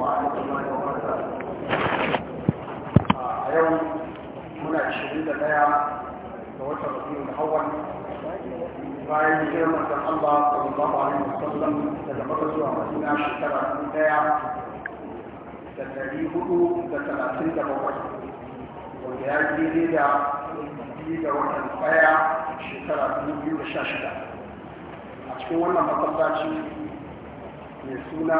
a yau muna shirin da daya ga wata bayan girman da Allah sallallahu alaihi wasallam daga Makka zuwa Madina shekara daya da dari hudu da da bakwai wanda ya da watan shekara biyu da sha shida a cikin wannan masallaci mai suna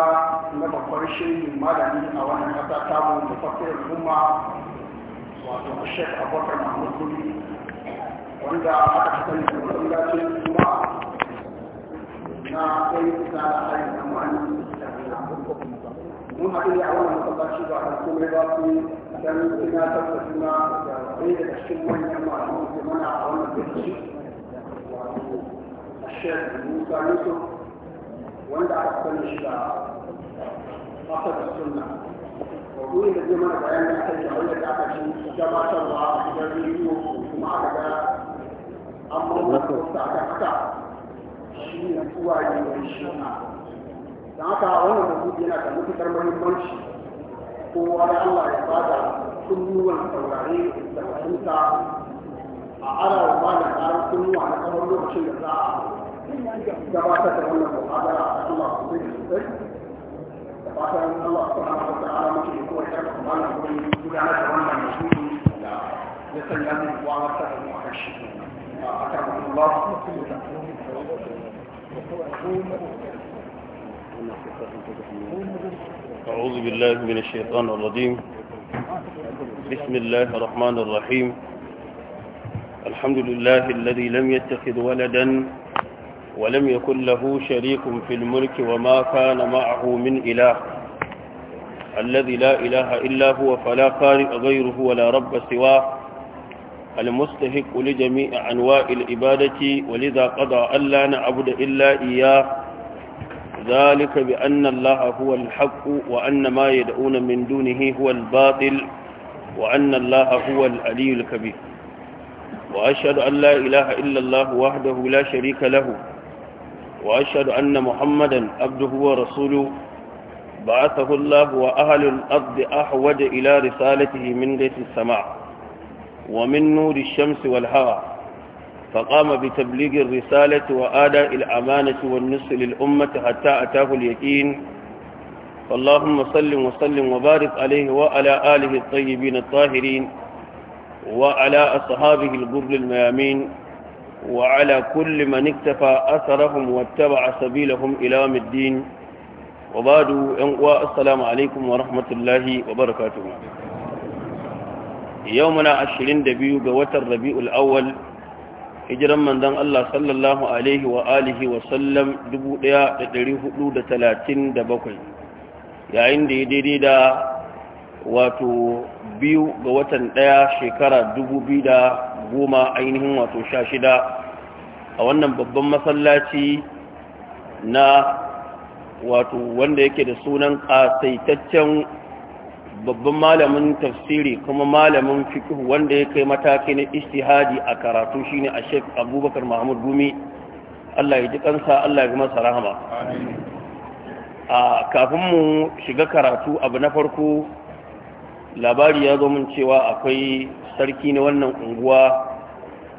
na babbar shirin malami a wannan ƙasa tamu da fafiyar kuma wato shek abokan mahmud wanda aka fi sani da masallacin kuma na kai ta ayi na mani mun haɗe a wannan shi ba a komai ba su dan ina tabbata suna da ɗaya daga cikin manyan masu mana a wannan lokaci wato shek musa yusuf wanda aka sani shi da asar suna wa kuri da zai mana bayani a kan jami'ai da aka ci gabatarwa a gidan rediyo kuma aka ga an mamman kusa aka haka shi ne zuwa yin na don haka da rubutu yana da matuƙar muhimmanci kowa da Allah ya bada kunnuwan saurare da fahimta a wa ba da tsarin kunnuwa na kamar lokacin da za a الله سبحانه وتعالى أعوذ بالله من الشيطان الرجيم بسم الله الرحمن الرحيم الحمد لله الذي لم يتخذ ولدا ولم يكن له شريك في الملك وما كان معه من إله الذي لا إله إلا هو فلا قارئ غيره ولا رب سواه المستحق لجميع أنواع العبادة ولذا قضى ألا نعبد إلا إياه ذلك بأن الله هو الحق وأن ما يدعون من دونه هو الباطل وأن الله هو العلي الكبير وأشهد أن لا إله إلا الله وحده لا شريك له وأشهد أن محمدا عبده ورسوله بعثه الله وأهل الأرض أحوج إلى رسالته من ليس السماء ومن نور الشمس والهوى فقام بتبليغ الرسالة وآداء الأمانة والنصر للأمة حتى أتاه اليقين فاللهم صل وسلم وبارك عليه وعلى آله الطيبين الطاهرين وعلى أصحابه الغر الميامين وعلى كل من اكتفى أثرهم واتبع سبيلهم إلى يوم الدين وبعد السلام عليكم ورحمة الله وبركاته يومنا عشرين دبيو قوات الربيع الأول hijiran manzon Allah sallallahu alaihi wa alihi wa sallam 1437 yayin da ya daidai da wato biyu ga watan daya shekara 2000 goma ainihin wato sha shida a wannan babban masallaci na wato wanda yake da sunan kasaitaccen babban malamin tafsiri kuma malamin fikihu wanda ya kai mataki na istihadi a karatu shine a shek abubakar mahamud gumi allah ya ji kansa allah ya masa rahama a kafin mu shiga karatu abu na farko labari ya zo min cewa akwai sarki na wannan unguwa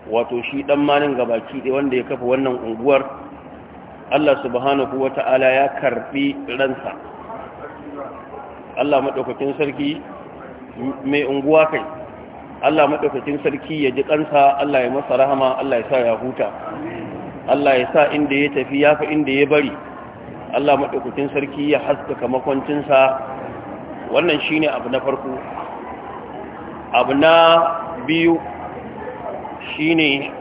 wato shi dan malin gabaki ɗaya wanda ya kafa wannan unguwar Allah subhanahu wata'ala ya karbi ransa Allah madaukakin sarki mai unguwa kai Allah madaukakin sarki ya ji kansa Allah ya masa rahama Allah ya sa ya huta Allah ya sa inda ya tafi ya fi inda ya bari Allah madaukakin sarki ya haskaka makwancinsa wannan shi ne abu na farko abu na biyu shi ne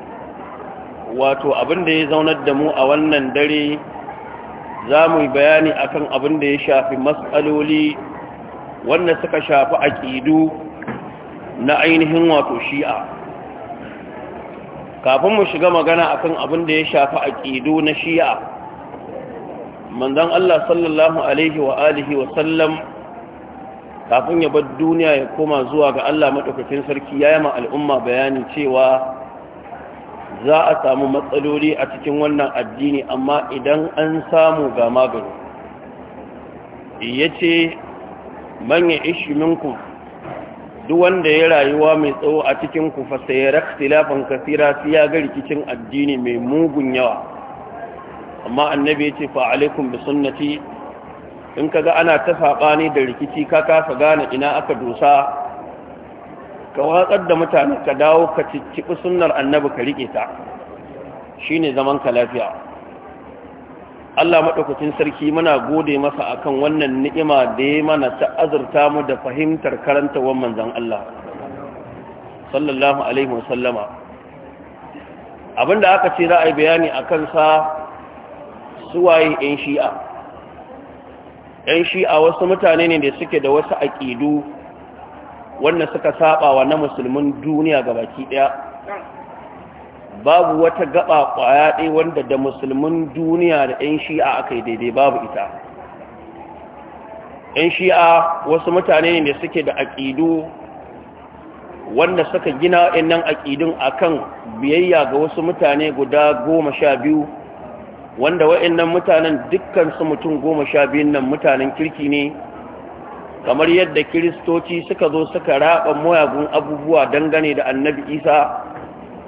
wato abin da ya zaunar da mu a wannan dare za mu yi bayani akan abin da ya shafi matsaloli wanda suka shafi aƙidu na ainihin wato shi'a kafin mu shiga magana akan abin da ya shafi aƙidu na shi'a manzon Allah sallallahu alaihi wa alihi wa kafin ya bar duniya ya koma zuwa ga Allah madaukakin sarki ya ma al'umma bayani cewa za a samu matsaloli a cikin wannan addini amma idan an samu ga magani yace man ya ishi minku duk wanda ya rayuwa mai tsawo a cikin ku fa sai raktilafan kasira sai ya ga rikicin addini mai mugun yawa amma annabi yace fa alaikum bi sunnati in ga ana ta saɓani da rikici ka kasa gane ina aka dosa ka watsar da mutane ka dawo ka cikin sunnar annabi ka riƙe ta shi ne zaman ka lafiya Allah maɗaukacin sarki muna gode masa akan wannan ni'ima da ya mana ta azurta mu da fahimtar karantawan manzan Allah sallallahu alaihi wasallama abinda aka ce za a yi bayani a kansa suwaye 'yan shi'a yan shi'a wasu mutane ne da suke da wasu aƙidu wanda suka saba wa na musulmin duniya ga baki ɗaya babu wata gaba ƙwaya ɗai wanda da musulmin duniya da yan shi'a aka yi daidai babu ita yan shi'a wasu mutane ne da suke da aƙidu wanda suka gina nan aƙidun a kan biyayya ga wasu mutane guda goma sha biyu wanda wa'annan mutanen dukkan su mutum goma sha biyun nan mutanen kirki ne kamar yadda kiristoci suka zo suka raba mayagun abubuwa dangane da annabi isa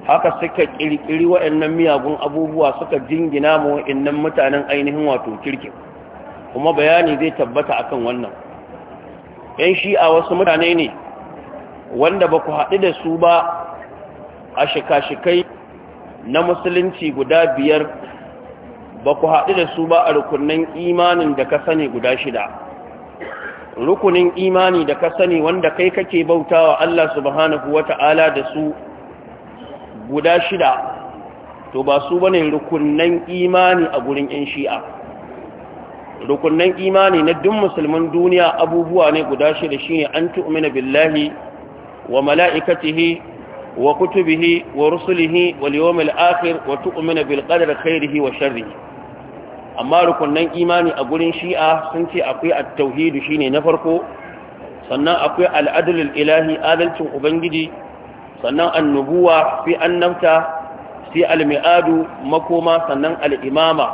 haka suka kirkiri wa'annan miyagun abubuwa suka jingina ma wa'annan mutanen ainihin wato kirki, kuma bayani zai tabbata akan wannan yan shi'a wasu mutane ne wanda ba ku haɗu da su ba a shika-shikai na musulunci guda biyar ba ku haɗu da su ba a rukunin imanin da ka sani guda shida rukunin imani da ka sani wanda kai kake bautawa Allah subhanahu Ta'ala da su guda shida to ba su bane rukunin imani a gurin yan shi'a rukunin imani na duk musulmin duniya abubuwa ne guda shida shine an tu'mina billahi wa mala'ikatihi وكتبه ورسله واليوم الآخر وتؤمن بالقدر خيره وشره أما ركن إيماني أقول شيئا سنتي أقوي التوحيد شيني نفركو سنة أقوي العدل الإلهي آدلت أبنجدي سنة النبوة في النمتة في المئاد مكومة سنة الإمامة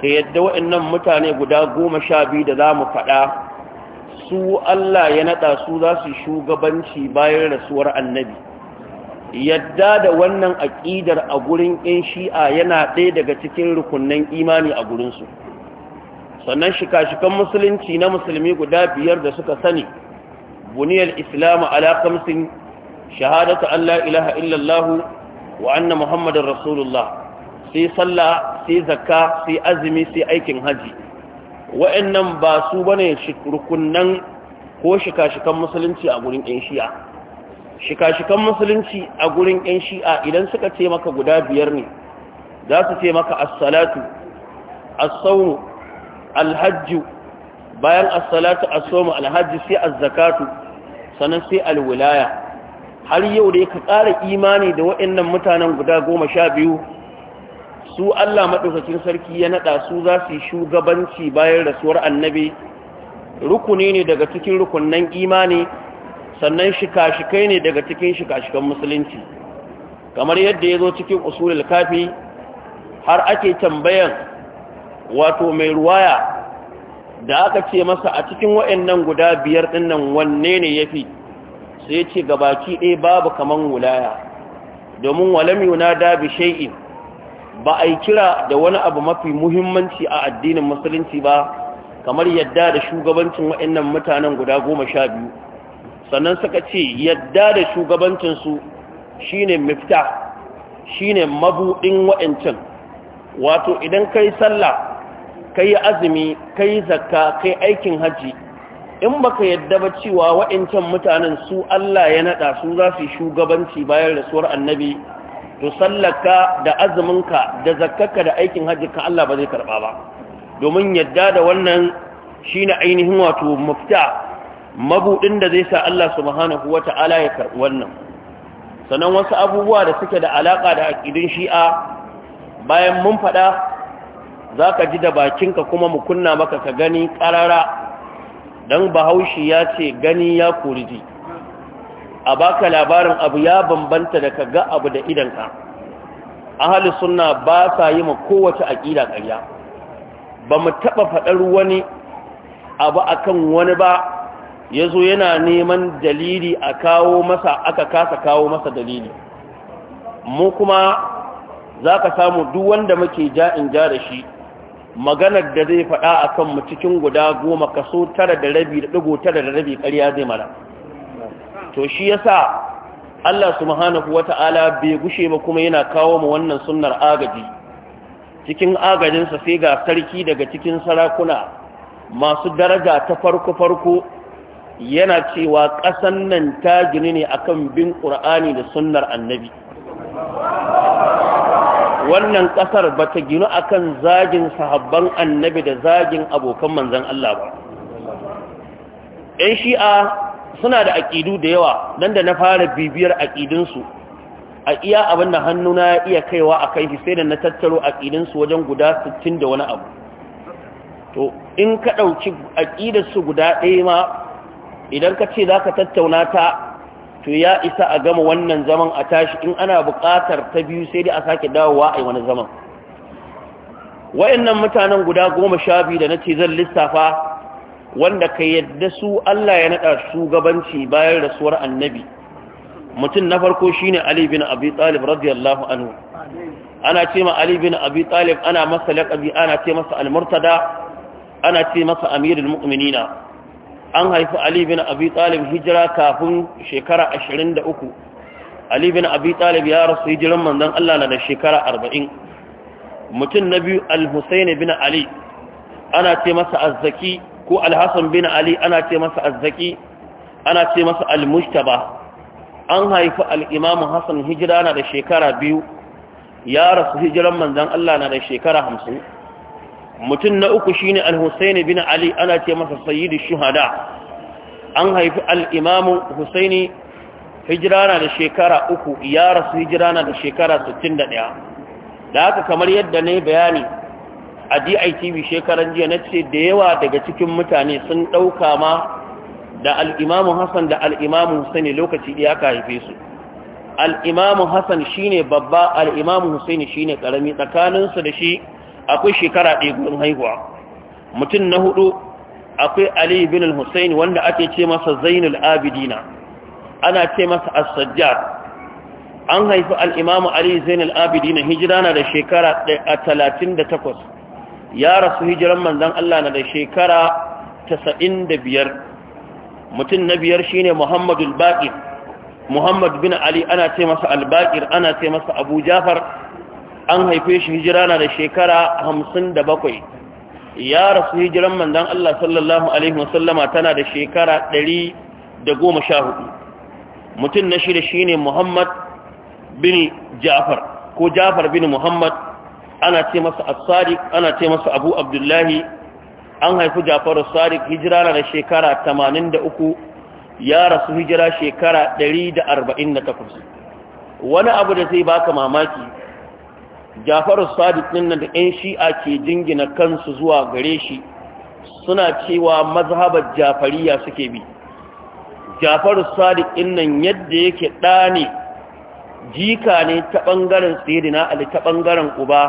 كيدو إن متاني قدا قوم شابي دا مفعلا su Allah ya nada su za su shugabanci bayan rasuwar annabi yadda da wannan aƙidar a gurin ƴan shi'a yana ɗaya daga cikin rukunnan imani a gurinsu sannan shika-shikan musulunci na musulmi guda biyar da suka sani buniyar islamu ala kamsin shahadatu Allah ilaha illallahu wa anna muhammadin rasulullah sai sallah sai zakka sai azumi sai aikin haji wa'annan ba su bane rukunnan ko shika-shikan musulunci a gurin ƴan shi'a shika-shikan musulunci a gurin 'yan shi'a idan suka ce maka guda biyar ne za su ce maka assalatu assaunu alhajju bayan assalatu assaumu alhajji sai azzakatu sannan sai alwilaya har yau da ka ƙara imani da waɗannan mutanen guda goma sha biyu su Allah maɗaukacin sarki ya naɗa su za su yi shugabanci bayan rasuwar annabi rukuni ne daga cikin rukunan imani sannan shika-shikai ne daga cikin shika-shikan musulunci kamar yadda ya zo cikin usulul kafi har ake tambayan wato mai ruwaya da aka ce masa a cikin wa'annan guda biyar dinnan wanne ne ya fi, sai ce baki ɗaya babu kaman wulaya domin walam yunada bi shay'in ba yi kira da wani abu mafi muhimmanci a addinin musulunci ba kamar yadda da shugabancin wa'annan mutanen guda goma sha biyu sannan suka ce yadda da shugabancinsu shine mifta shine mabuɗin wa'ancin wato idan ka yi sallah yi azumi ka yi zakka kai aikin hajji, in baka yadda ba cewa waɗancan mutanen su Allah ya naɗa su za su yi shugabanci bayan rasuwar annabi to sallaka da azuminka da zakkaka da aikin hajji, ka Allah ba zai karɓa ba domin yadda da wannan shine ainihin wato mufta Mabuɗin da zai sa Allah subhanahu ta'ala ya karɓi wannan sannan wasu abubuwa da suke da alaƙa da aƙidin shi'a bayan mun faɗa za ka ji da bakinka kuma mu kunna maka ka gani ƙarara Dan bahaushe ya ce gani ya kurji a baka labarin abu ya bambanta da ka ga abu da idanka ahalus sunna ba sa yi ma kowace aƙida ƙarya ba mu taɓa faɗar wani abu akan wani ba ya zo yana neman dalili a kawo masa aka kasa kawo masa dalili mu kuma za ka samu duk wanda muke ja'in ja da shi maganar da zai faɗa a kan mu cikin guda goma kaso tara da rabi da ɗigo tara da rabi ƙarya zai mara, to shi ya sa Allah subhanahu wata ala bai gushe ba kuma yana kawo mu wannan sunnar agaji cikin agajinsa sai ga sarki daga cikin sarakuna masu daraja ta farko-farko yana cewa ƙasan nan ta gini ne akan bin ƙur'ani da sunnar annabi wannan ƙasar ba ta a akan zagin sahabban annabi da zagin abokan manzan Allah ba ‘yan shi'a suna da aƙidu da yawa don da na fara bibiyar aƙidinsu a iya abin da hannuna ya iya kaiwa a kan shi sai da na tattaro aƙidinsu wajen guda 60 da wani abu to in ka ɗauki aƙidarsu guda ɗaya ma idan ka ce za ka tattauna ta to ya isa a gama wannan zaman a tashi in ana buƙatar ta biyu sai dai a sake dawowa a yi wani zaman wa'annan mutanen guda goma sha biyu da na ce zan lissafa wanda ka yadda su Allah ya naɗa shugabanci bayan rasuwar annabi mutum na farko shine Ali bin Abi Talib radiyallahu anhu ana ce ma Ali bin Abi Talib ana masa laƙabi ana ce masa al-Murtada ana ce masa Amirul Mu'minina an haifi ali bin abi talib hijira kafin shekara 23 ali bin abi talib ya rasu hijiran manzon Allah na da shekara 40 mutum na biyu al-husayn bin ali ana ce masa azzaki ko al-hasan bin ali ana ce masa azzaki ana ce masa al-mujtaba an haifi al-imam hasan hijira na da shekara biyu ya rasu hijiran manzon Allah na da shekara 50 mutum na uku shine al-husaini bin ali ana ce masa sayyidu shuhada an haifi al-imamu husaini hijirana da shekara uku ya rasu hijirana da shekara 61 da haka kamar yadda na yi bayani a DITV shekaran jiya na ce da yawa daga cikin mutane sun ɗauka ma da al'imamu Hassan da al'imamu Husaini lokaci ɗaya ka haife su. Al'imamu Hassan shi ne babba, al'imamu Husaini shi ne ƙarami tsakaninsu da shi akwai shekara ɗaya gurin haihuwa mutum na hudu akwai ali bin al wanda ake ce masa zainul abidina ana ce masa as-sajjad an haifi al-imam ali zainul abidina hijira na da shekara 38 ya rasu hijiran manzon Allah na da shekara 95 mutum na biyar shine muhammadul baqir muhammad bin ali ana ce masa al-baqir ana ce masa abu jafar an haife shi hijira na da shekara hamsin da bakwai ya rasu hijiran manzan Allah sallallahu Alaihi wasallama tana da shekara ɗari da goma sha hudu mutum na shida shi ne Muhammad bin Jafar ko Jafar bin Muhammad ana ce masa As-Sadiq ana ce masa Abu Abdullahi an haifi Jafar As-Sadiq hijira na da shekara tamanin da uku ya rasu hijira shekara ɗari da arba'in da takwas wani abu da zai baka mamaki jafaru sadiq din nan da yan shi'a ke jingina kansu zuwa gare shi suna cewa mazhabar jafariya suke bi jafaru sadiq din nan yadda yake ɗa ne jika ne ta ɓangaren sayyidina ali ta ɓangaren uba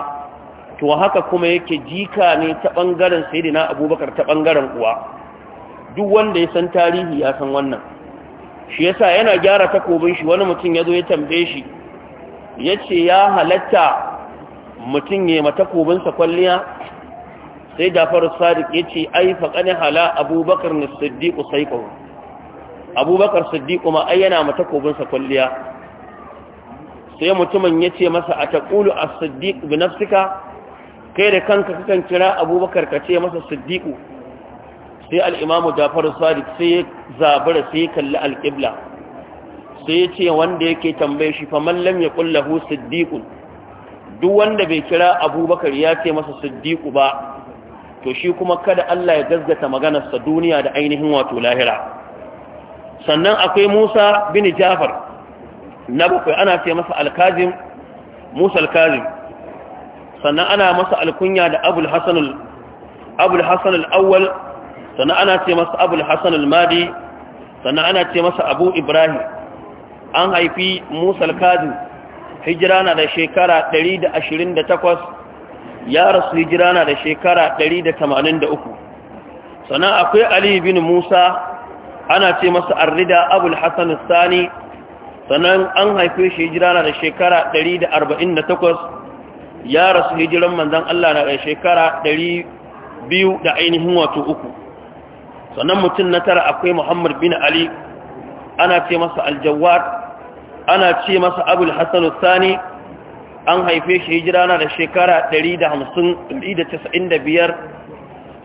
to haka kuma yake jika ne ta ɓangaren sayyidina abubakar ta ɓangaren uwa duk wanda ya san tarihi ya san wannan shi yasa yana gyara takobin shi wani mutum ya zo ya tambaye shi ya ce ya halatta mutum ya mata kubinsa kwalliya sai Jafaru sadiq ya ce ai faƙani hala abubakar na siddiƙu saiƙo abubakar siddiƙu ma ai yana kwalliya sai mutumin ya ce masa a taƙulu a siddiƙu bi kai da kanka kakan kira abubakar ka ce masa siddiƙu sai al'imamu Jafaru sadiq sai ya zabura sai ya kalli alƙibla sai ya ce wanda yake tambaye shi fa mallam ya ƙullahu siddiƙun duk wanda bai kira abubakar ya ce masa siddiqu ba to shi kuma kada Allah ya gazgata maganarsa duniya da ainihin wato lahira sannan akwai musa bin jafar na bakwai ana ce masa alkazim musa alkazim sannan ana masa alkunya da abul hassan al'awwal sannan ana ce masa abul hassan al-madi sannan ana ce masa abu ibrahim an haifi musa alkazim hijira na da shekara 128 ya rasu hijira na da shekara 183 sannan akwai ali bin musa ana ce masa arrida abul hassan sani sannan an haife shi hijira na da shekara 148 ya rasu hijiran manzan allah na da shekara 200 da ainihin wato uku sannan mutum na tara akwai muhammad bin ali ana ce masa aljawar ana ce masa abul hassan sani an haife shi hijira na da shekara 150-195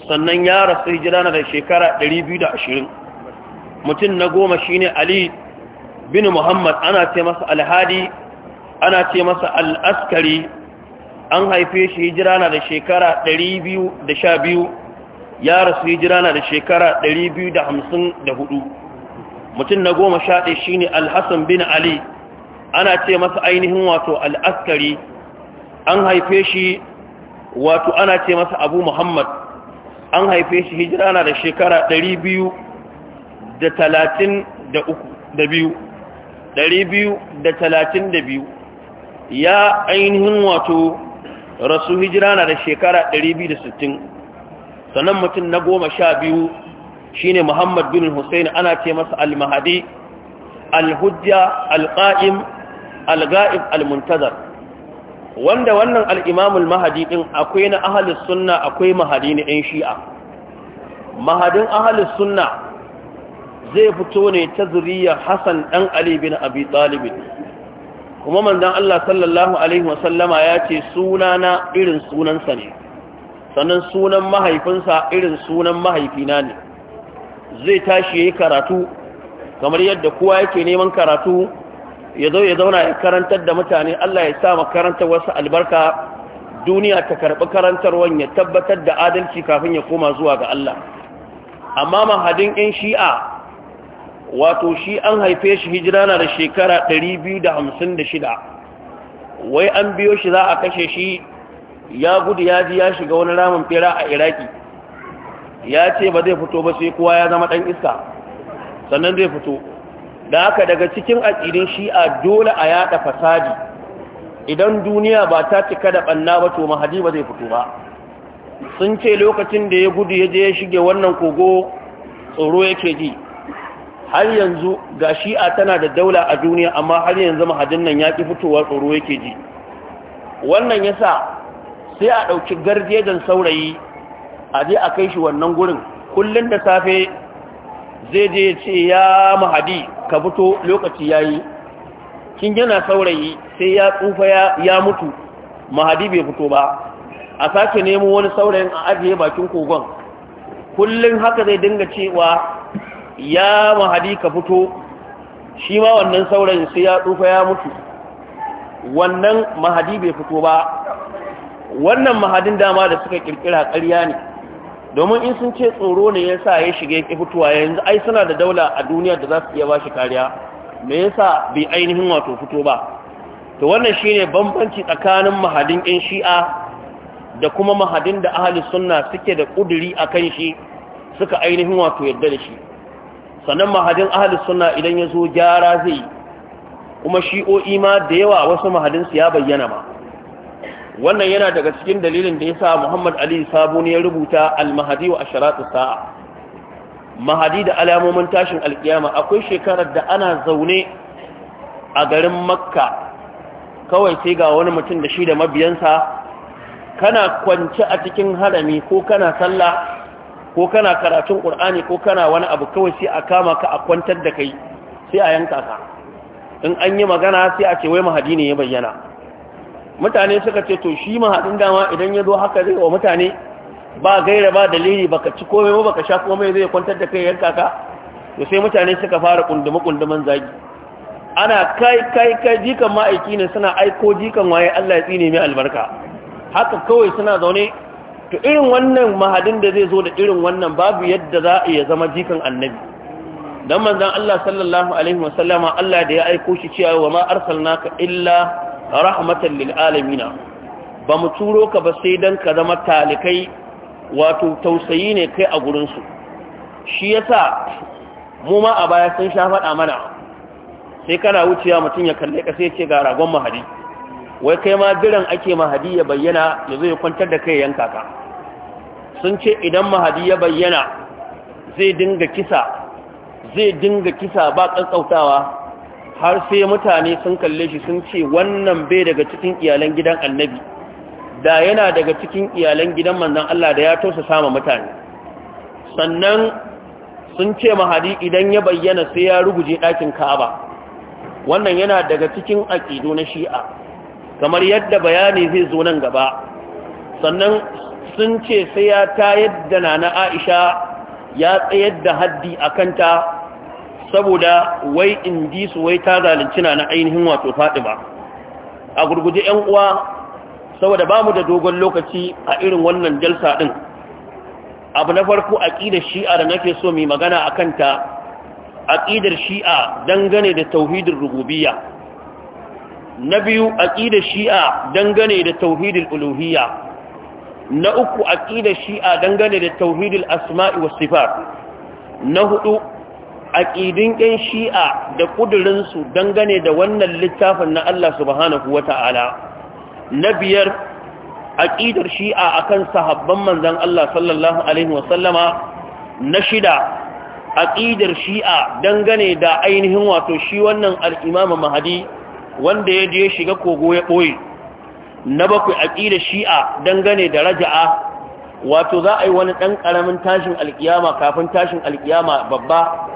sannan ya rasu hijira na da shekara 220 mutum na goma shi ne ali bin muhammad ana ce masa alhadi ana ce masa al'askari an haife shi hijira na da shekara 212 ya rasu hijira na da shekara 254 mutum na goma shaɗe shi ne alhassan bin ali ana ce masa ainihin wato al'askari an haife shi wato ana ce masa abu muhammad an haife shi hijira na da shekara ɗari biyu da talatin da uku da biyu ɗari biyu da talatin da biyu ya ainihin wato rasu hijira na da shekara ɗari biyu da sittin sannan mutum na goma sha biyu shine Muhammad bin Hussein ana ce masa al-Mahdi al-Hujja al-Qa'im al-Ghaib al-Muntazir wanda wannan al-Imam al-Mahdi din akwai na ahlus sunna akwai mahadi ne ɗan Shi'a mahadin ahlus sunna zai fito ne ta zuriyar Hassan dan Ali bin Abi Talib kuma manzon Allah sallallahu alaihi wasallama ya ce sunana irin sunansa ne sannan sunan mahaifinsa irin sunan mahaifina ne zai tashi ya yi karatu kamar yadda kowa yake neman karatu ya zo ya zauna ya karantar da mutane Allah ya sa makarantar wasu albarka duniya ta karɓi karantar ya tabbatar da adalci kafin ya koma zuwa ga Allah amma mahadin in shi'a wato shi an haife shi hijira na da shekara 256 wai an biyo shi za a kashe shi ya gudu ya ji ya shiga wani ramin fera a iraki ya ce ba zai fito ba sai kowa ya zama ɗan iska sannan zai fito da haka daga cikin aƙidin shi'a dole a yaɗa fasadi idan duniya ba ta cika da ɓanna ba to mahadi ba zai fito ba sun ce lokacin da ya gudu ya je ya shige wannan kogo tsoro yake ji har yanzu ga shi'a tana da daula a duniya amma har yanzu mahadin nan ya ƙi fitowa tsoro yake ji wannan ya sa sai a ɗauki garjejen saurayi a je a kai shi wannan gurin kullum da safe zai je ce ya mahadi ka fito lokaci ya yi. kin yana saurayi sai ya tsufa ya mutu mahadi bai fito ba a sake nemo wani saurayin a ajiye bakin kogon kullum haka zai dinga cewa ya mahadi ka fito shi ma wannan saurayin sai ya tsufa ya mutu wannan mahadi bai fito ba wannan mahadin dama da suka kirkira ƙarya ne domin in sun ce tsoro ne ya sa ya shiga ya fitowa yanzu ai suna da daula a duniya da za su iya ba shi kariya me ya sa bai ainihin wato fito ba to wannan shi ne bambanci tsakanin mahadin ɗin shi'a da kuma mahadin da ahali suna suke da ƙuduri a kan shi suka ainihin wato yadda da shi sannan mahadin ahali suna idan ya zo gyara zai kuma shi'o'i ma da yawa wasu mahadinsu ya bayyana ba. wannan yana daga cikin dalilin da ya sa Muhammad Ali Sabo ne ya rubuta Al-Mahdi wa Asharatu Sa'a Mahadi da alamomin tashin alkiyama akwai shekarar da ana zaune a garin Makka kawai sai ga wani mutum da shi da mabiyansa kana kwance a cikin harami ko kana sallah ko kana karatun Qur'ani ko kana wani abu kawai sai a kama ka a kwantar da kai sai a yanka ka in an yi magana sai a ce wai mahadi ne ya bayyana mutane suka ce to shi mahaɗin dama idan ya zo haka zai wa mutane ba gaira ba dalili baka ci komai ba baka sha komai zai kwantar da kai yanka ka to sai mutane suka fara kunduma kunduman zagi ana kai kai kai jikan ma'aiki ne suna aiko jikan waye Allah ya tsine mai albarka haka kawai suna zaune to irin wannan mahadin da zai zo da irin wannan babu yadda za a iya zama jikan annabi dan manzon Allah sallallahu alaihi wasallama Allah da ya aiko shi cewa wa ma arsalnaka illa rahmatan lil alamina ba mu turo ka ba sai dan ka zama talikai wato tausayi ne kai a gurin su shi yasa mu ma a baya sun sha faɗa mana sai kana wucewa mutum ya kalle ka sai ce ga ragon mahadi wai kai ma diran ake mahadi ya bayyana ya zo ya kwantar da kai yanka ka sun ce idan mahadi ya bayyana zai dinga kisa zai dinga kisa ba tsautawa. har sai mutane sun kalle shi sun ce wannan bai daga cikin iyalan gidan annabi da yana daga cikin iyalan gidan manzan Allah da ya tausa sama mutane sannan sun ce mahadi idan ya bayyana sai ya ruguje ɗakin ka'aba wannan yana daga cikin aƙidu na shi'a kamar yadda bayani zai zo nan gaba sannan sun ce sai ya tayar da nana aisha ya tsayar da haddi a kanta saboda wai in ji su wai ta zalunci na ainihin wato ba. a gurguje 'yan uwa saboda ba mu da dogon lokaci a irin wannan jalsa ɗin abu na farko aƙidar shi'a da nake so mai magana a kanta aƙidar shi'a dangane da tauhidin Rububiya, na biyu aƙidar shi'a dangane da tauhidin uluhiya na uku aƙidar shi'a dangane da tauhidin asma'i wa sifar na hudu aƙidin ƴan shi'a da ƙudurinsu dangane da wannan littafin na Allah subhanahu wa na biyar aƙidar shi'a akan sahabban manzan Allah sallallahu alaihi wasallama na shida aƙidar shi'a dangane da ainihin wato shi wannan al'imama mahadi wanda ya je shiga kogo ya ɓoye na bakwai aƙidar shi'a dangane da raja'a wato za a yi wani ɗan ƙaramin tashin alƙiyama kafin tashin alƙiyama babba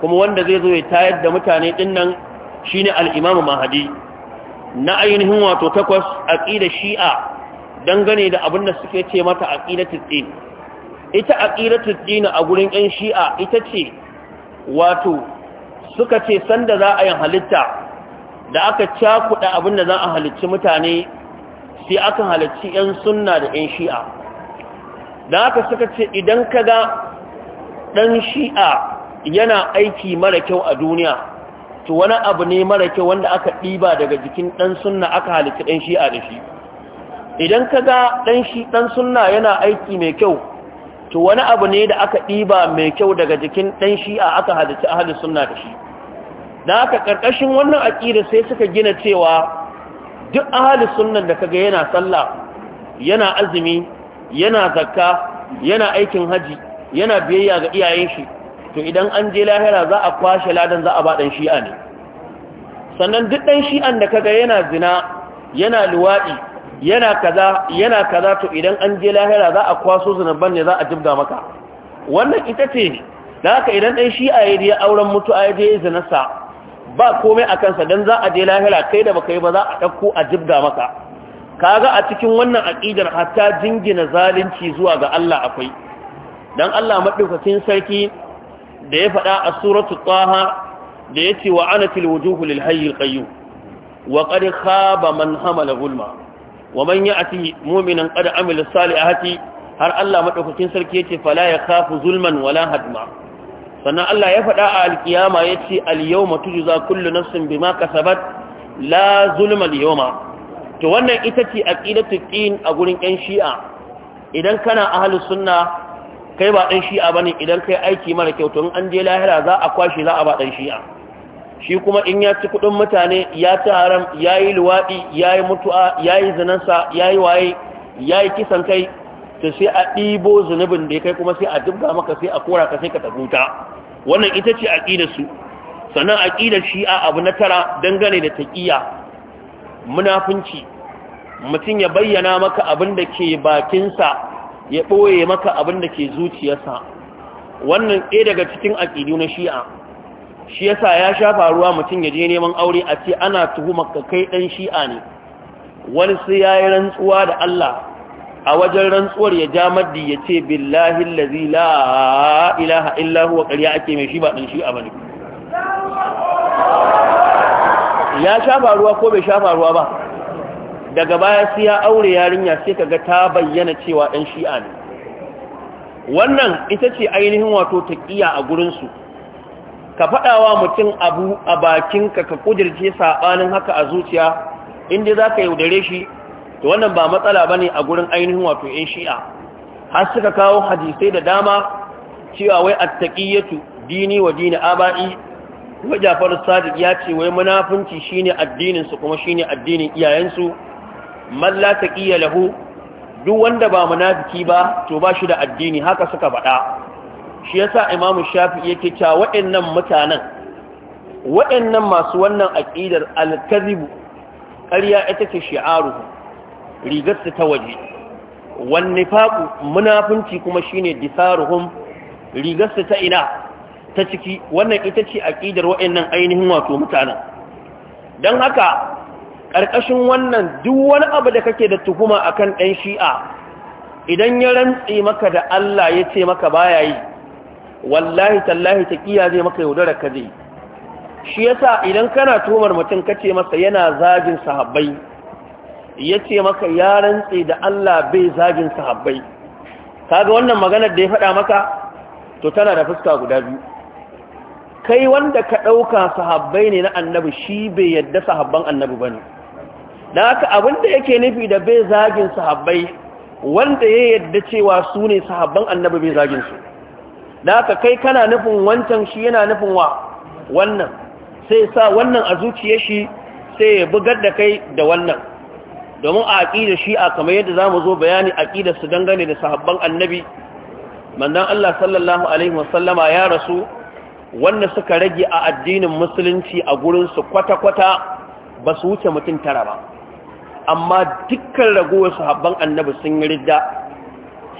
kuma wanda zai zo ya tayar da mutane din nan shine al-Imam Mahdi na ainihin wato takwas aqida Shi'a dangane da abin da suke ce mata aqidatu din ita aqidatu din a gurin ɗan Shi'a ita ce wato suka ce sanda za a yi halitta da aka cakuɗa abin da za a halicci mutane sai aka halicci 'yan sunna da 'yan shi'a dan haka suka ce idan ka ga ɗan shi'a yana aiki mara kyau a duniya to wani abu ne mara kyau wanda aka ɗiba daga jikin ɗan sunna aka halitta ɗan a da shi idan ka ga ɗan shi sunna yana aiki mai kyau to wani abu ne da aka ɗiba mai kyau daga jikin ɗan a aka halitta ahalin sunna da shi da aka ƙarƙashin wannan aƙida sai suka gina cewa duk ahalin sunnan da kaga yana sallah yana azumi yana zakka yana aikin haji yana biyayya ga iyayen shi to idan an je lahira za a kwashe ladan za a ba ɗan shi'a ne sannan duk ɗan shi'an da kaga yana zina yana luwaɗi yana kaza yana kaza to idan an je lahira za a kwaso zunuban ne za a jibga maka wannan ita ce da haka idan ɗan shi'a ya je auren mutuwa ya je zinarsa ba komai a kansa don za a je lahira kai da baka yi ba za a ɗauko a jibga maka kaga a cikin wannan aƙidar hatta jingina zalunci zuwa ga Allah akwai dan Allah maɗaukakin sarki da ya faɗa a suratu taha da ya ce wa anatil wujuhu lil hayyil qayyum wa qad khaba man hamala gulma wa man ya'ti mu'minan qad amila salihati har Allah madaukakin sarki yace fala ya khafu zulman wala hadma sannan Allah ya faɗa a alkiyama yace al yawma za kullu nafsin bima kasabat la zulma yawma to wannan ita ce aqidatu qin a gurin yan shi'a idan kana ahlus sunna kai ba ɗan shi'a ne idan kai aiki mara kyau tun an je lahira za a kwashe za a ba ɗan shi'a shi kuma in ya ci kuɗin mutane ya ci haram ya yi luwaɗi ya yi mutu'a ya yi zinansa ya yi waye ya yi kisan kai ta sai a ɗibo zunubin da ya kai kuma sai a dubga maka sai a kora ka sai ka tabuta wannan ita ce aƙidarsu sannan aƙidar shi'a abu na tara dangane da taƙiya munafunci mutum ya bayyana maka abin da ke bakinsa ya ɓoye maka abin da ke zuciyarsa wannan ɗaya daga cikin aƙidu na shi'a shi yasa ya sha faruwa mutum ya je neman aure a ce ana tuhumar ka kai ɗan shi'a ne wani sai ya yi rantsuwa da Allah a wajen rantsuwar ya ja maddi ya ce billahi lazi la ilaha illahu wa ƙarya ake mai shi ba ɗan shi'a ba ne ya sha faruwa ko bai sha faruwa ba daga baya sai ya aure yarinya sai kaga ta bayyana cewa dan shi'a ne wannan ita ce ainihin wato taqiya a gurin su ka faɗawa mutum abu a bakinka ka kudirce saɓanin haka a zuciya inda za ka yaudare shi to wannan ba matsala bane a gurin ainihin wato 'yan shi'a har suka kawo hadisai da dama cewa wai attaƙiyyatu dini wa dini aba'i wa jafar sadiq ya ce wai munafunci shine addininsu kuma shine addinin iyayensu man la taqiya lahu duk wanda ba munafiki ba to ba shi da addini haka suka faɗa shi yasa Imam Shafi'i yake cewa waɗannan mutanen waɗannan masu wannan aqidar al-kadhib ƙarya ita ce shi'aru rigar su ta waje wan nifaqu munafinci kuma shine disaruhum rigar su ta ina ta ciki wannan ita ce aqidar waɗannan ainihin wato mutanen Don haka ƙarƙashin wannan duk wani abu da kake da tuhuma a kan ɗan shi'a idan ya rantse maka da Allah ya ce maka baya yi wallahi tallahi ƙiya zai maka yaudara ka zai shi ya sa idan kana tuhumar mutum kace masa yana zagin sahabbai ya ce maka ya rantse da Allah bai zagin sahabbai ga wannan maganar da ya faɗa maka to tana da fuska guda biyu kai wanda ka ɗauka sahabbai ne na annabi shi bai yadda sahabban annabi ba ne da haka abinda yake nufi da bai zagin sahabbai wanda ya yadda cewa su ne sahabban annabi bai zagin su da haka kai kana nufin wancan shi yana nufin wa wannan sai sa wannan a zuciya shi sai ya bugar da kai da wannan domin a aƙida shi a kamar yadda za mu zo bayani aƙida su dangane da sahabban annabi mandan Allah sallallahu Alaihi wasallama ya rasu wanda suka rage a addinin musulunci a gurinsu kwata-kwata ba su wuce mutum tara ba amma dukkan ragowar sahabban annabi sun yi ridda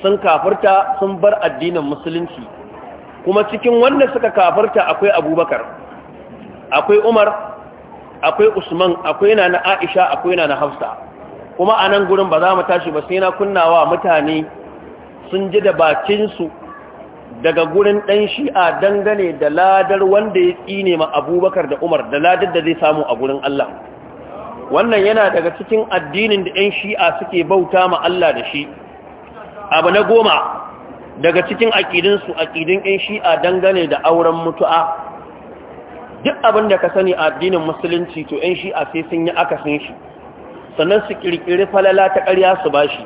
sun kafarta sun bar addinin musulunci kuma cikin wanda suka kafarta akwai abubakar akwai umar akwai usman akwai na aisha akwai na hafsa kuma a nan gurin ba za mu tashi ba sai na kunnawa mutane sun ji da bakinsu daga gurin ɗan shi'a dangane da ladar wanda ya tsine ma abubakar da umar da ladar da zai samu a gurin allah wannan yana daga cikin addinin da 'yan shi'a suke bauta ma Allah da shi abu na goma daga cikin aƙidinsu aƙidin 'yan shi'a dangane da auren mutu'a duk abin da ka sani a addinin musulunci to 'yan shi'a sai sun yi akasin shi sannan su ƙirƙiri falala ta ƙarya su ba shi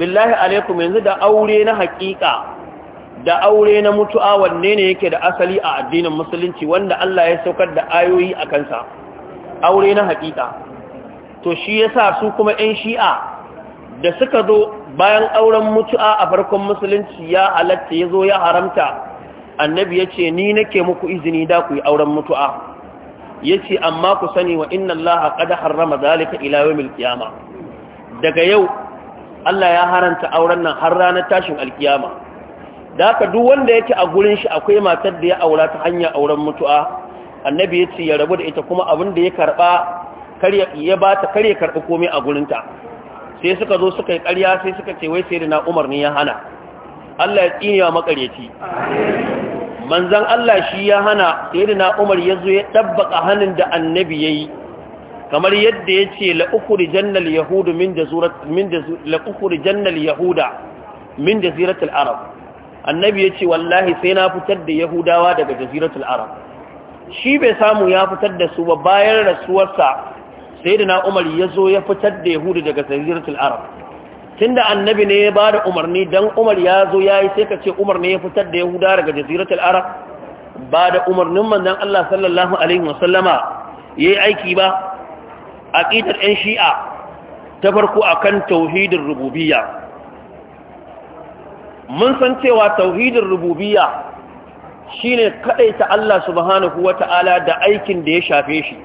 billahi alaikum yanzu da aure na haƙiƙa da aure na mutu'a wanne ne yake da asali a addinin musulunci wanda Allah ya saukar da ayoyi a kansa aure na haƙiƙa to shi ya sa su kuma 'yan shi'a da suka zo bayan auren mutu'a a farkon musulunci ya halatta ya zo ya haramta annabi ya ce ni nake muku izini da ku yi auren mutu'a ya ce amma ku sani wa inna Allah qad harrama zalika ilawe mil kiyama daga yau Allah ya haranta auren nan har ranar tashin alkiyama da aka duk wanda yake a gurin shi akwai matar da ya aura ta hanyar auren mutu'a annabi ya ce ya rabu da ita kuma abin da ya karba ya ba ta karya karɓi komai a gurinta sai suka zo suka yi ƙarya sai suka ce wai sai da na umar ne ya hana Allah ya tsine wa makaryaci manzan Allah shi ya hana sai da na umar ya zo ya ɗabbaƙa hannun da annabi ya yi kamar yadda ya ce la'ukuri jannal yahudu min yahuda min arab annabi ya ce wallahi sai na fitar da yahudawa daga jaziratul arab shi bai samu ya fitar da su ba bayan rasuwarsa sai da na umar ya zo ya fitar da yahudu daga zaziratul arab tun da annabi ne ya ba da umarni don umar ya zo ya yi sai ka ce umar ne ya fitar da yahuda daga jazirar arab ba da umarnin manzan allah sallallahu alaihi wasallama ya yi aiki ba a ƙitar 'yan shi'a ta farko a kan tauhidin rububiya mun san cewa tauhidin rububiya Shi shine ta Allah subhanahu wata'ala da aikin da ya shafe shi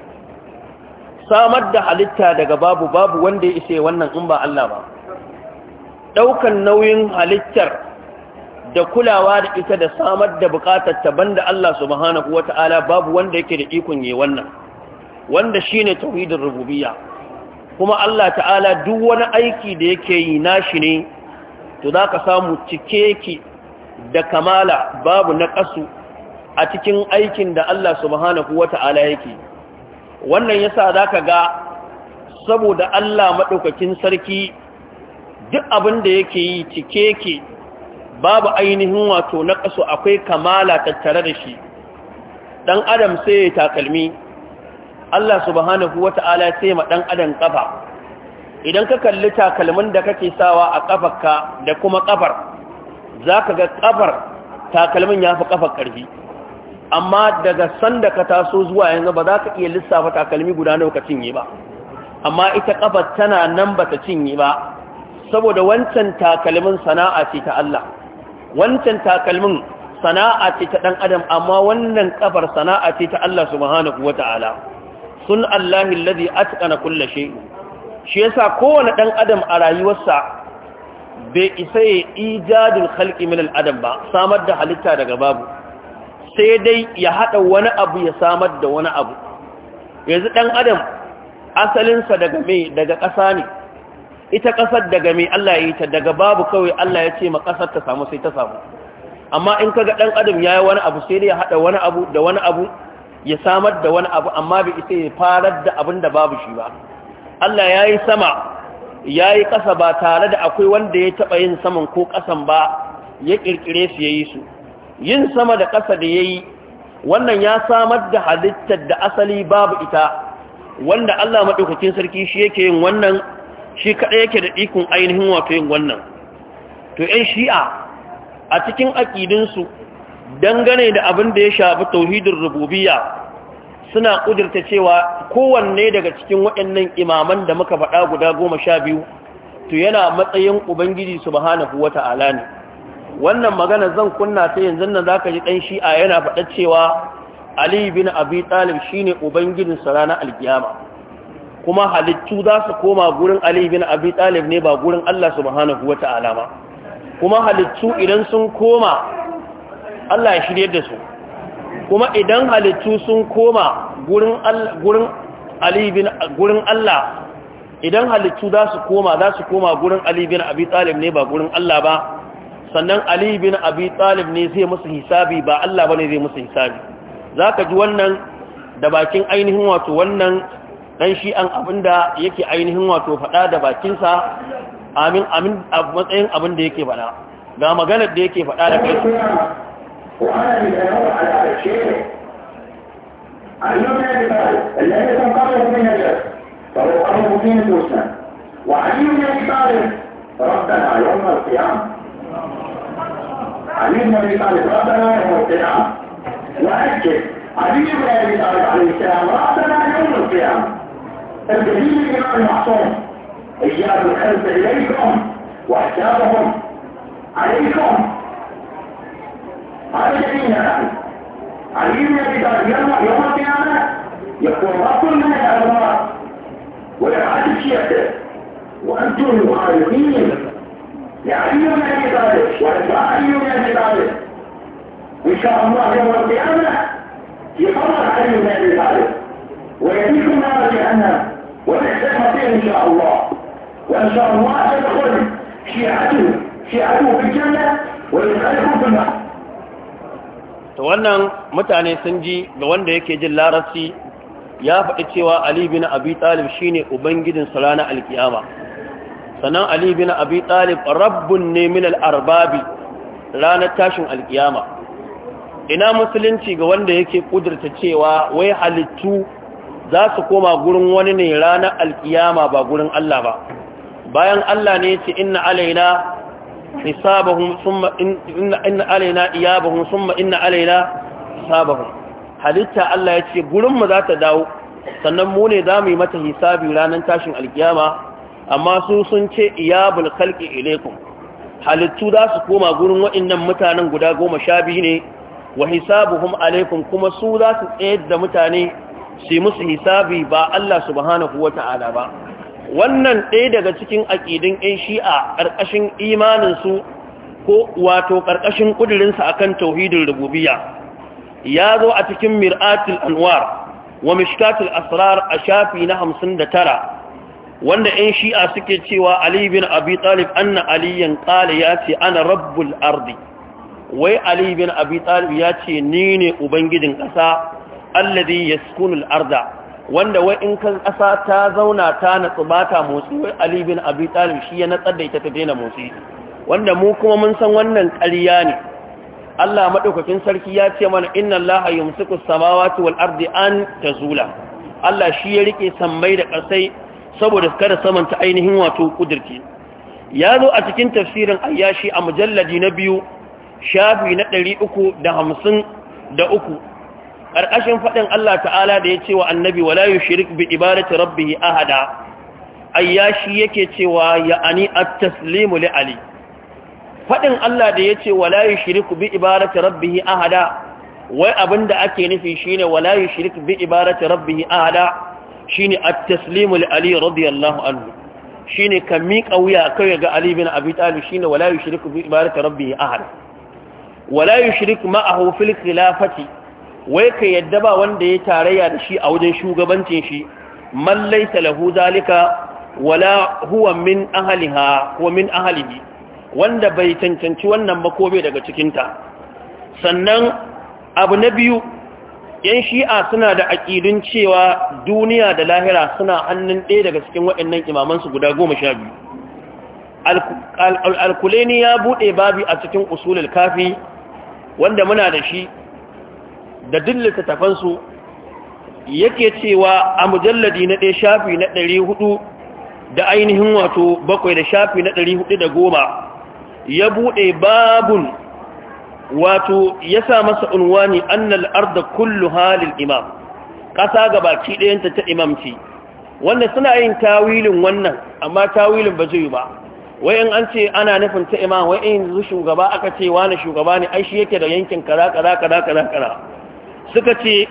samar da halitta daga babu babu wanda ya isa wannan in ba Allah ba Ɗaukan nauyin halittar da kulawa da ita da samar da bukatar ta banda Allah subhanahu wata'ala babu wanda yake da ikon yi wannan wanda shine tauhidin rububiya. kuma Allah ta'ala duk wani aiki da yake yi nashi ne to zaka samu cike yake da kamala babu na ƙasu a cikin aikin da Allah subhanahu wa ta'ala yake wannan ya sa za ka ga saboda Allah maɗaukakin sarki duk abin da yake yi cike ke babu ainihin wato na ƙasu akwai kamala tattare da shi ɗan adam sai ya takalmi Allah subhanahu wa ta'ala sai ma ɗan adam ƙafa idan ka kalli takalmin da kake sawa a ƙafarka da kuma ƙafar za ka ga ƙafar takalmin ya fi ƙafar ƙarfi amma daga sanda ka taso zuwa yanzu ba za ka iya lissafa takalmi guda nawa ka cinye ba amma ita ƙafar tana nan ba ta cinye ba saboda wancan takalmin sana'a ce ta Allah wancan takalmin sana'a ce ta ɗan adam amma wannan ƙafar sana'a ce ta Allah subhanahu wata'ala sun Allah allazi atqana kulla shay shi yasa kowane ɗan adam a rayuwarsa bai isa ya ijadul halƙi min al-adam ba samar da halitta daga babu sai dai ya haɗa wani abu ya samar da wani abu yanzu ɗan adam asalinsa daga me daga ƙasa ne ita ƙasar daga me Allah ya yi ta daga babu kawai Allah ya ce ma ƙasar ta samu sai ta samu amma in kaga ɗan adam ya yi wani abu sai dai ya haɗa wani abu da wani abu ya samar da wani abu amma bai isa ya farar da abin da babu shi ba Allah ya yi sama ya yi ƙasa ba tare da akwai wanda ya taɓa yin saman ko ƙasan ba ya ƙirƙire su ya yi su yin sama da ƙasa da ya yi wannan ya samar da halittar da asali babu ita wanda Allah maɗaukakin sarki shi yake yin wannan shi kaɗai yake da ikon ainihin wato yin wannan to ‘yan shi'a a cikin aƙidinsu dangane da abin da ya shafi tauhidin rububiyya suna ƙudurta cewa kowanne daga cikin waɗannan imaman da muka faɗa guda goma sha biyu to yana matsayin ubangiji su subhanahu wata'ala ne wannan magana zan kunna ta yanzu nan ka ji ɗan shi'a yana faɗa cewa ali bin abi talib ne ubangijin sa ranar alkiyama kuma halittu za su koma gurin ali bin abi talib ne ba gurin Allah subhanahu wata ba kuma halittu idan sun koma Allah ya shirye da su kuma idan halittu sun koma gurin Allah idan halittu za su koma za su koma gurin Ali bin Abi Talib ne ba gurin Allah ba sannan Ali bin Abi Talib ne zai musu hisabi ba Allah ba ne zai musu hisabi za ka ji wannan da bakin ainihin wato wannan dan shi an abinda yake ainihin wato fada da bakin sa amin amin a matsayin abinda yake fada ga maganar da yake fada da kai وأنا اللي بنور على هذا الشيء علمنا الجبال الذي تنقرض من الجبل فهو قرب من موسى وعلمنا الجبال ربنا يوم القيامة علمنا الجبال ربنا يوم القيامة وأكد علمنا الجبال عليه السلام ربنا يوم القيامة الدليل الإمام المعصوم إياه الخلف إليكم وحسابهم عليكم هذا الذي نفعل علي يوم القيامه يكون رب من الاموات ويفعل الشيخ وانتم مخالفين لعلي بن ابي طالب واسماعيل بن ابي طالب ان يوم القيامه يفرغ علي بن ابي طالب ويأتيكم نار ان شاء الله وان شاء الله تدخل شيعته شيعته في الجنه ويدخلكم في النار to wannan mutane sun ji ga wanda yake jin larabci ya faɗi cewa ali bin abi talib shine ubangijin salana alkiyama sannan ali bin abi talib rabbun ne min al-arbabi ranar tashin alkiyama ina musulunci ga wanda yake kudurta cewa wai halittu za su koma gurin wani ne ranar alkiyama ba gurin Allah ba bayan Allah ne ce inna alaina hisabahum summa inna inna alaina iyabahum summa inna alaina hisabahum halitta Allah ya ce gurin mu zata dawo sannan mu ne za mu yi mata hisabi ranar tashin alkiyama amma su sun ce iyabul khalqi ilaikum halittu za su koma gurin waɗannan mutanen guda goma sha biyu ne wa hisabuhum alaikum kuma su za su tsayar da mutane su musu hisabi ba Allah subhanahu wata'ala ba wannan ɗaya daga cikin aƙidin 'yan shi'a ƙarƙashin imaninsu ko wato ƙarƙashin ƙudirinsu a kan tauhidin rububiya ya zo a cikin mir'atul anwar wa mishkatul asrar a shafi na hamsin da tara wanda 'yan shi'a suke cewa ali bin abi talib anna aliyan ƙala ya ce ana rabbul ardi wai ali bin abi talib ya ce ni ne ubangijin ƙasa alladhi yaskunul arda wanda wai in kan ƙasa ta zauna ta natsu ba ta motsi wai Ali bin Abi Talib shi ya natsar da ita ta daina motsi wanda mu kuma mun san wannan ƙarya ne Allah madaukakin sarki ya ce mana inna Allaha yumsiku samawati wal ardi an tazula Allah shi ya rike sammai da ƙasai saboda kada saman ta ainihin wato kudirce ya zo a cikin tafsirin ayyashi a mujalladi na biyu shafi na ɗari uku da hamsin da uku ƙarƙashin faɗin Allah ta'ala da ya ce wa annabi wala yushrik bi ibadati rabbih ahada ayyashi yake cewa ya ani at-taslimu li ali faɗin Allah da ya ce wala yushrik bi ibadati rabbih ahada wai abinda ake nufi shine wala yushrik bi ibadati rabbih ahada shine at-taslimu li ali radiyallahu anhu shine ka miƙa wuya kai ga Ali bin Abi Talib shine wala yushrik bi ibadati rabbih ahada wala yushrik ma'ahu fil khilafati wai ka yadda ba wanda ya tarayya da shi a wajen shugabancin shi mallai, talahu, zalika wala huwa min ahliha ko min ahlihi wanda bai cancanci wannan ba ko bai daga cikin sannan abu na biyu yan shi'a suna da aƙidun cewa duniya da lahira suna hannun ɗaya daga cikin waɗannan imamansu guda goma sha biyu alkuleni ya buɗe babi a cikin usulul kafi wanda muna da shi da duk littattafansu yake cewa a mujalladi na ɗaya shafi na ɗari hudu da ainihin wato bakwai da shafi na ɗari hudu da goma ya buɗe babun wato ya sa masa unwani annal arda kullu halin imam ƙasa ga baki ɗayanta ta imamci wanda suna yin tawilin wannan amma tawilin ba zai ba wai an ce ana nufin ta imam wayan yanzu shugaba aka ce wani shugaba ne ai shi yake da yankin kaza kaza kaza kaza kaza suka ce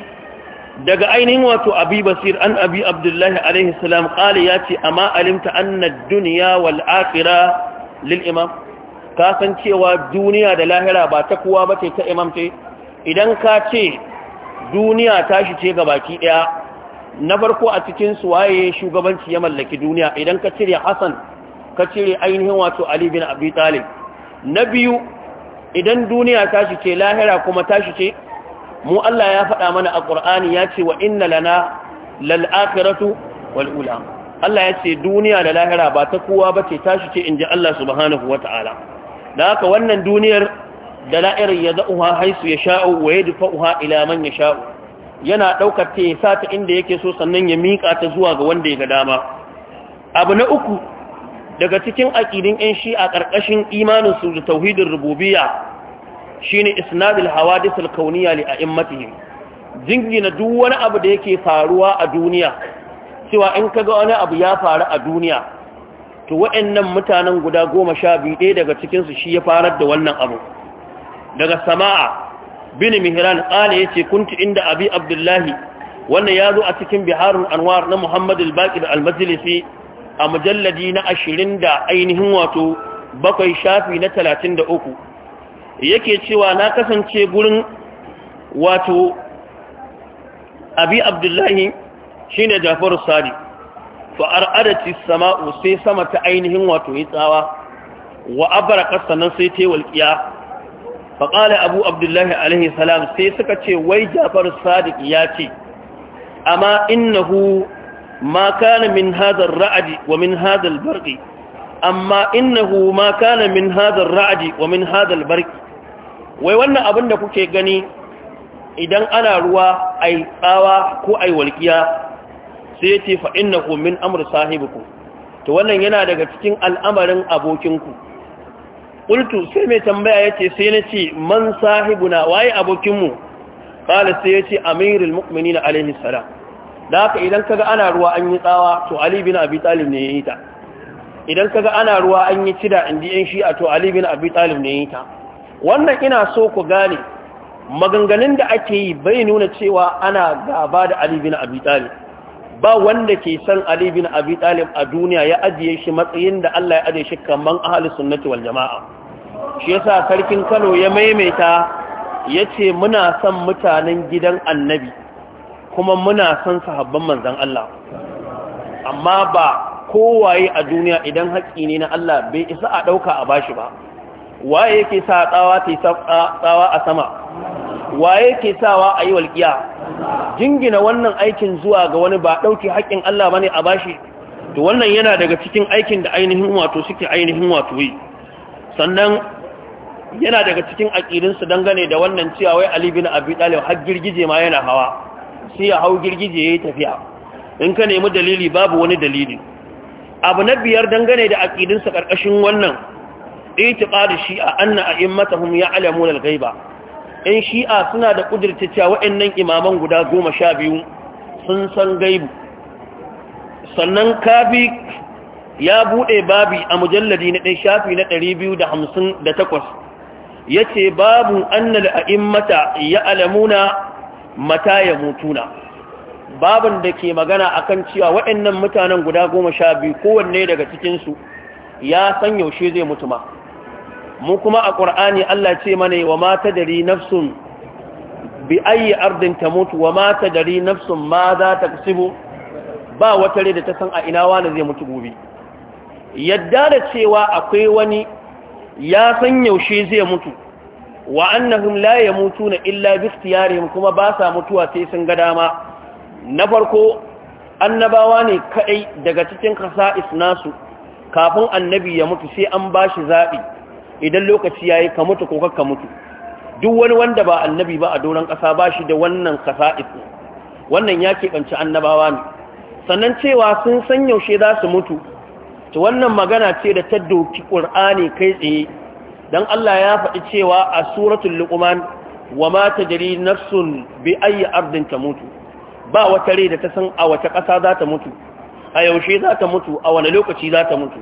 daga ainihin wato abi basir an abi abdullahi alaihi salam ya ce amma alimta annad duniya wal akhira lil imam ka san cewa duniya da lahira ba ta kowa ba ce ta imam ce idan ka ce duniya tashi ce ga baki daya na farko a cikin su waye shugabanci ya mallaki duniya idan ka cire hasan ka cire ainihin wato ali bin abi talib na biyu idan duniya tashi ce lahira kuma tashi ce mu Allah ya faɗa mana a ƙur'ani ya ce wa inna lana lal'afiratu akhiratu Allah ya ce duniya da lahira ba ta kowa ba ce tashi ce in ji Allah subhanahu ta'ala da haka wannan duniyar da la'irar ya za'uha haisu ya sha'u wa ya dufa'uha uha man ya sha'u yana ɗaukar ta ya sa ta inda yake so sannan ya miƙa ta zuwa ga wanda ya ga dama abu na uku daga cikin aƙidin 'yan shi a ƙarƙashin su da tauhidin rububiyya shine isnadul hawadith al-kawniyya li a'immatihim jingina duk wani abu da yake faruwa a duniya cewa in kaga wani abu ya faru a duniya to wa'annan mutanen guda goma sha biyu ɗaya daga cikinsu shi ya farar da wannan abu daga sama'a bin mihran ƙala ya ce kuntu inda abi abdullahi wannan ya zo a cikin biharun anwar na muhammad al-baqir al-majlisi a mujalladi na ashirin da ainihin wato bakwai shafi na talatin da uku yake cewa na kasance gurin wato abi abdullahi shi ne jafaru sadi fa'ar'adati sama'u sai sama ta ainihin wato yi tsawa wa abaraka sannan sai ta yi walƙiya faƙala abu abdullahi alaihi salam sai suka ce wai jafaru sadi ya ce amma innahu ma kana min hadar ra'adi wa min hadar barƙi amma innahu ma kana min hadar ra'adi wa min hadar barƙi wai wannan abin da kuke gani idan ana ruwa ai tsawa ko ai walƙiya sai yace fa innahu min amr sahibiku to wannan yana daga cikin al'amarin abokinku qultu sai mai tambaya yace sai nace man sahibuna waye abokinmu qala sai yace amirul mu'minin alaihi salam da haka idan kaga ana ruwa an yi tsawa to ali bin abi talib ne yayi idan kaga ana ruwa an yi cida indi shi shi'a to ali bin abi talib ne ta wannan ina so ku gane maganganun da ake yi bai nuna cewa ana gaba da Ali bin Abi ba wanda ke san Ali bin Abi a duniya ya ajiye shi matsayin da Allah ya ajiye shi kamar ahlus sunnati wal jamaa shi yasa sarkin Kano ya maimaita ya ce muna san mutanen gidan Annabi kuma muna san sahabban manzan Allah amma ba kowaye a duniya idan haƙi ne na Allah bai isa a ɗauka a bashi ba waye yake sa tsawa tsawa a sama waye yake sawa a yi walƙiya jingina wannan aikin zuwa ga wani ba ɗauki haƙƙin Allah bane a bashi to wannan yana daga cikin aikin da ainihin wato suke ainihin wato yi sannan yana daga cikin aƙilinsu dangane da wannan cewa wai Ali bin Abi Talib har girgije ma yana hawa sai ya hau girgije yayi tafiya in ka nemi dalili babu wani dalili abu na biyar dangane da aƙilinsu ƙarƙashin wannan itiqadi shi'a anna a'immatuhum ya'lamuna al-ghaiba in shi'a suna da kudirce cewa waɗannan imaman guda 12 sun san gaibu sannan kafi ya bude babi a mujalladi na ɗan shafi na 258 yace babu anna al-a'immata ya'lamuna mata ya mutuna babin da ke magana akan cewa waɗannan mutanen guda goma sha biyu kowanne daga cikinsu ya san yaushe zai mutu ma mu kuma a ƙur'ani Allah ce mana wa ma dari nafsun bi ayi ardin mutu wa ma dari nafsun ma za ta kusibu ba wata rai da ta san a ina na zai mutu gobe yadda da cewa akwai wani ya san yaushe zai mutu wa annahum la na illa bi kuma ba sa mutuwa sai sun ga dama na farko annabawa ne kaɗai daga cikin khasa'is nasu kafin annabi ya mutu sai an ba shi zaɓi. idan lokaci ya yi ka mutu ko ka mutu duk wani wanda ba annabi ba a doron ƙasa ba shi da wannan ƙasa kasa'id wannan ya keɓanci annabawa ne sannan cewa sun san yaushe za su mutu ta wannan magana ce da ta doki ƙur'ani kai tsaye don Allah ya faɗi cewa a suratun lukuman wa ma na nafsun bi ayi ardin mutu ba wata rai da ta san a wata ƙasa za ta mutu a yaushe za ta mutu a wani lokaci za ta mutu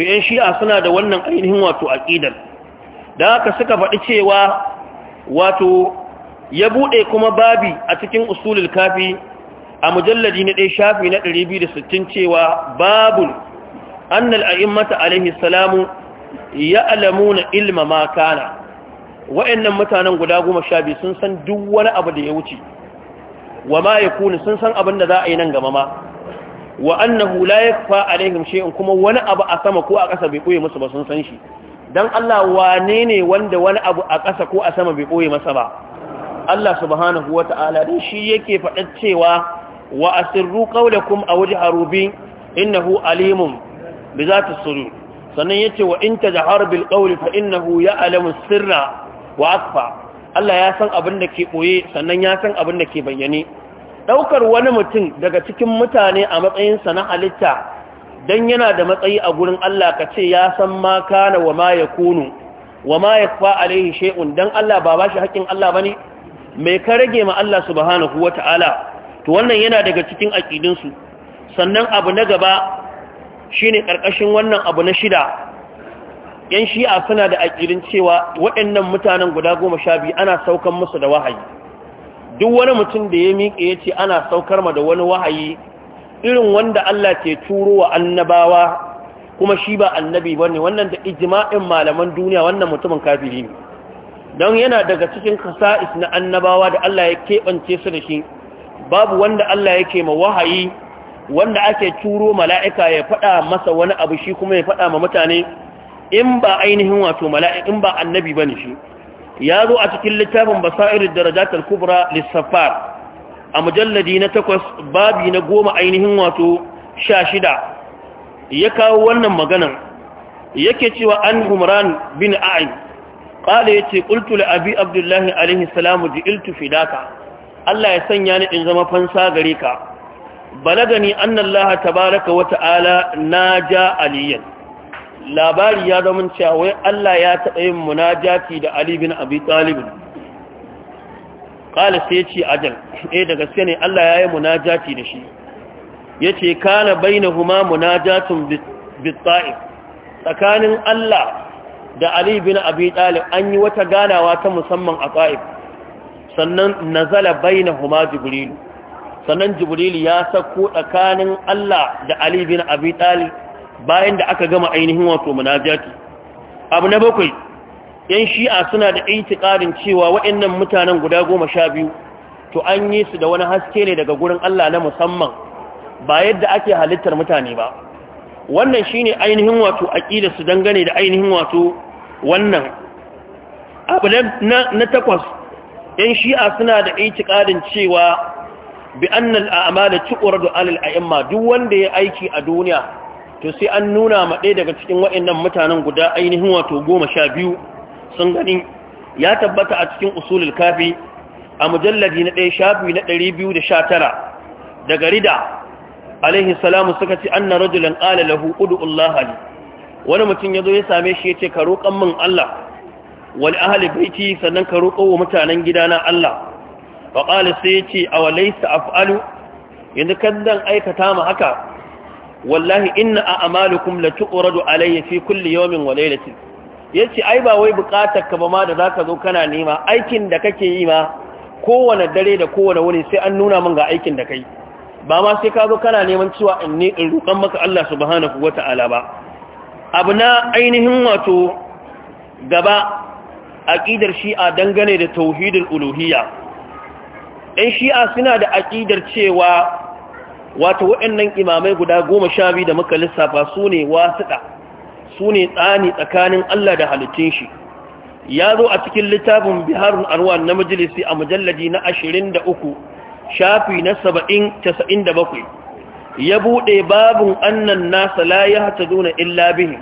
to yan shi'a suna da wannan ainihin wato aqidar da haka suka faɗi cewa wato ya buɗe kuma babi a cikin usulul kafi a mujalladi na ɗaya shafi na 260 cewa babul annal a'immata alaihi salamu ya'lamuna ilma ma kana wa'annan mutanen guda goma sha biyu sun san duk wani abu da ya wuce wa ma yakunu sun san abin da za a yi nan gaba ma wa annahu la yakfa alaihim shay'un kuma wani abu a sama ko a ƙasa bai koye musu ba sun san shi dan Allah wane ne wanda wani abu a ƙasa ko a sama bai koye masa ba Allah subhanahu wata'ala dan shi yake faɗa cewa wa asirru qawlakum aw jaharu bi innahu alimun bi zati sudur sannan yace wa in tajhar bil qawli fa innahu ya'lamu sirra wa akfa Allah ya san abin da ke koye sannan ya san abin da ke bayyane Daukar wani mutum daga cikin mutane a matsayinsa na halitta don yana da matsayi a gurin Allah ka ce ya san ma kana wa ma ya kunu wa ma ya alaihi shay'un dan Allah ba ba shi haƙƙin Allah ba ne mai ka rage ma Allah subhanahu wa ta'ala to wannan yana daga cikin su sannan abu na gaba shine karkashin wannan abu na shida ‘yan shi'a suna da aƙirin cewa waɗannan mutanen guda goma sha biyu ana saukan musu da wahayi duk wani mutum da ya miƙe ya ce ana saukar ma da wani wahayi irin wanda Allah ke turo wa annabawa kuma shi ba annabi ba ne wannan da ijma'in malaman duniya wannan mutumin kafiri ne don yana daga cikin kasa'is na annabawa da Allah ya keɓance su da shi babu wanda Allah yake ma wahayi wanda ake turo mala'ika ya faɗa masa wani abu shi kuma ya faɗa ma mutane in ba ainihin wato mala'in in ba annabi ba ne shi ya zo a cikin littafin basa'irin darajat kubra lissafar a mujalladi na takwas babi na goma ainihin wato sha shida ya kawo wannan maganan yake cewa an humran bin a'in ƙala ya ce ƙultu abi abdullahi alaihi salamu ji iltu fidaka Allah ya sanya ni in zama fansa gare ka balagani annallaha tabaraka wata'ala ta'ala na ja aliyan labari ya zama cewa wai Allah ya taɓa yin munajati da Ali bin Abi Talib qala sai yace ajal eh daga gaske ne Allah ya yi munajati da shi yace kana bainahuma munajatun bit ta'if tsakanin Allah da Ali bin Abi Talib an yi wata ganawa ta musamman a ta'if sannan nazala bainahuma jibril sannan jibril ya sako tsakanin Allah da Ali bin Abi Talib bayan da aka gama ainihin wato munajati abu na bakwai yan shi'a suna da itikadin cewa waɗannan mutanen guda goma sha biyu to an yi su da wani haske ne daga gurin Allah na musamman ba yadda ake halittar mutane ba wannan shine ainihin wato aqidar su dangane da ainihin wato wannan abu na na takwas yan shi'a suna da itikadin cewa bi annal a'malu tuqradu alal a'imma duk wanda ya aiki a duniya to sai an nuna ma ɗaya daga cikin waɗannan mutanen guda ainihin wato goma sha biyu sun gani ya tabbata a cikin usulul kafi a mujallabi na ɗaya shafi na ɗari biyu da sha tara daga rida alaihi salamu suka ce an na rajulan ƙala lahu udu'ullah wani mutum ya zo ya same shi ya ce ka roƙon min allah wani ahali baiti sannan ka roƙo wa mutanen gidana allah faƙali sai ya ce a walaisa af'alu yanzu kan zan aikata ma haka wallahi inna a amalukum la tuqradu alayya fi kulli yawmin wa laylatin yace ai ba wai bukatar ka ba ma da zaka zo kana nema aikin da kake yi ma kowane dare da kowane wuni sai an nuna min ga aikin da kai ba ma sai ka zo kana neman cewa in ne in rukan maka Allah subhanahu wata'ala ba abu na ainihin wato gaba aqidar shi'a dangane da tauhidul uluhiyya ɗan shi'a suna da aƙidar cewa wato waɗannan imamai guda goma sha biyu da muka lissafa su ne wasuɗa, su ne tsani tsakanin Allah da halittun shi ya zo a cikin littafin biharun arwan na majalisi a mujalladi na ashirin da uku shafi na saba'in casa'in da bakwai ya buɗe babin annan nasa la ya hata zuna illa bihi